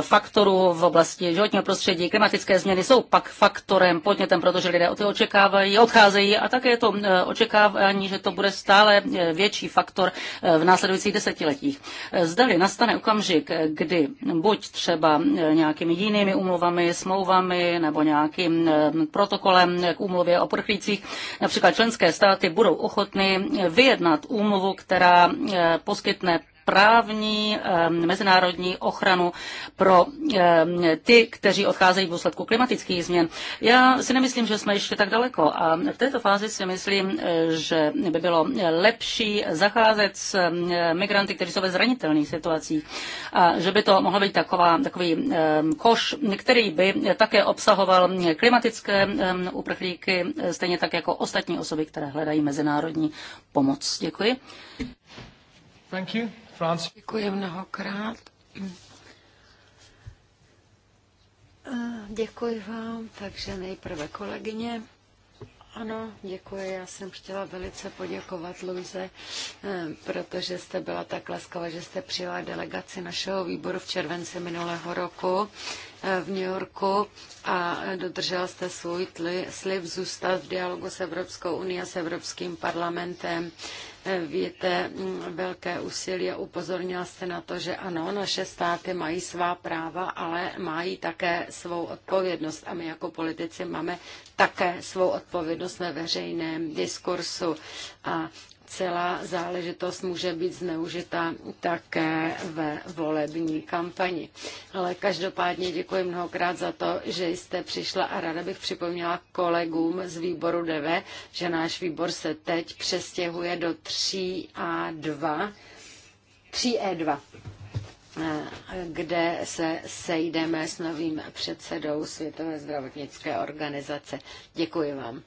Speaker 3: faktorů v oblasti životního prostředí. Klimatické změny jsou pak faktorem, podnětem, protože lidé o to očekávají, odcházejí a také je to eh, očekávání, že to bude stále eh, větší faktor eh, v následujících desetiletích. Zdali nastane okamžik, kdy buď třeba nějakými jinými umluvami, smlouvami nebo nějakým protokolem k úmluvě o prchlících, například členské státy budou ochotny vyjednat úmluvu, která poskytne právní mezinárodní ochranu pro ty, kteří odcházejí v důsledku klimatických změn. Já si nemyslím, že jsme ještě tak daleko a v této fázi si myslím, eh, že by bylo lepší zacházet s migranty, kteří jsou ve zranitelných situacích a že by to mohlo být taková, takový koš, který by také obsahoval klimatické uprchlíky, stejně tak jako ostatní osoby, které hledají mezinárodní
Speaker 1: pomoc. Děkuji. Thank you. France. Děkuji mnohokrát. Děkuji vám, takže nejprve kolegyně. Ano, děkuji. Já jsem chtěla velice poděkovat Luize, eh, protože jste byla tak laskavá, že jste přijela delegaci našeho výboru v červenci minulého roku eh, v New Yorku a dodržela jste svůj tli, slib zůstat v dialogu s Evropskou unii a s Evropským parlamentem víte, mm, velké úsilí a upozornila jste na to, že ano, naše státy mají svá práva, ale mají také svou odpovědnost a my jako politici máme také svou odpovědnost ve veřejném diskursu a celá záležitost může být zneužita také ve volební kampani. Ale každopádně děkuji mnohokrát za to, že jste přišla a ráda bych připomněla kolegům z výboru DV, že náš výbor se teď přestěhuje do 3A2, 3E2 kde se sejdeme s novým předsedou Světové zdravotnické organizace. Děkuji vám.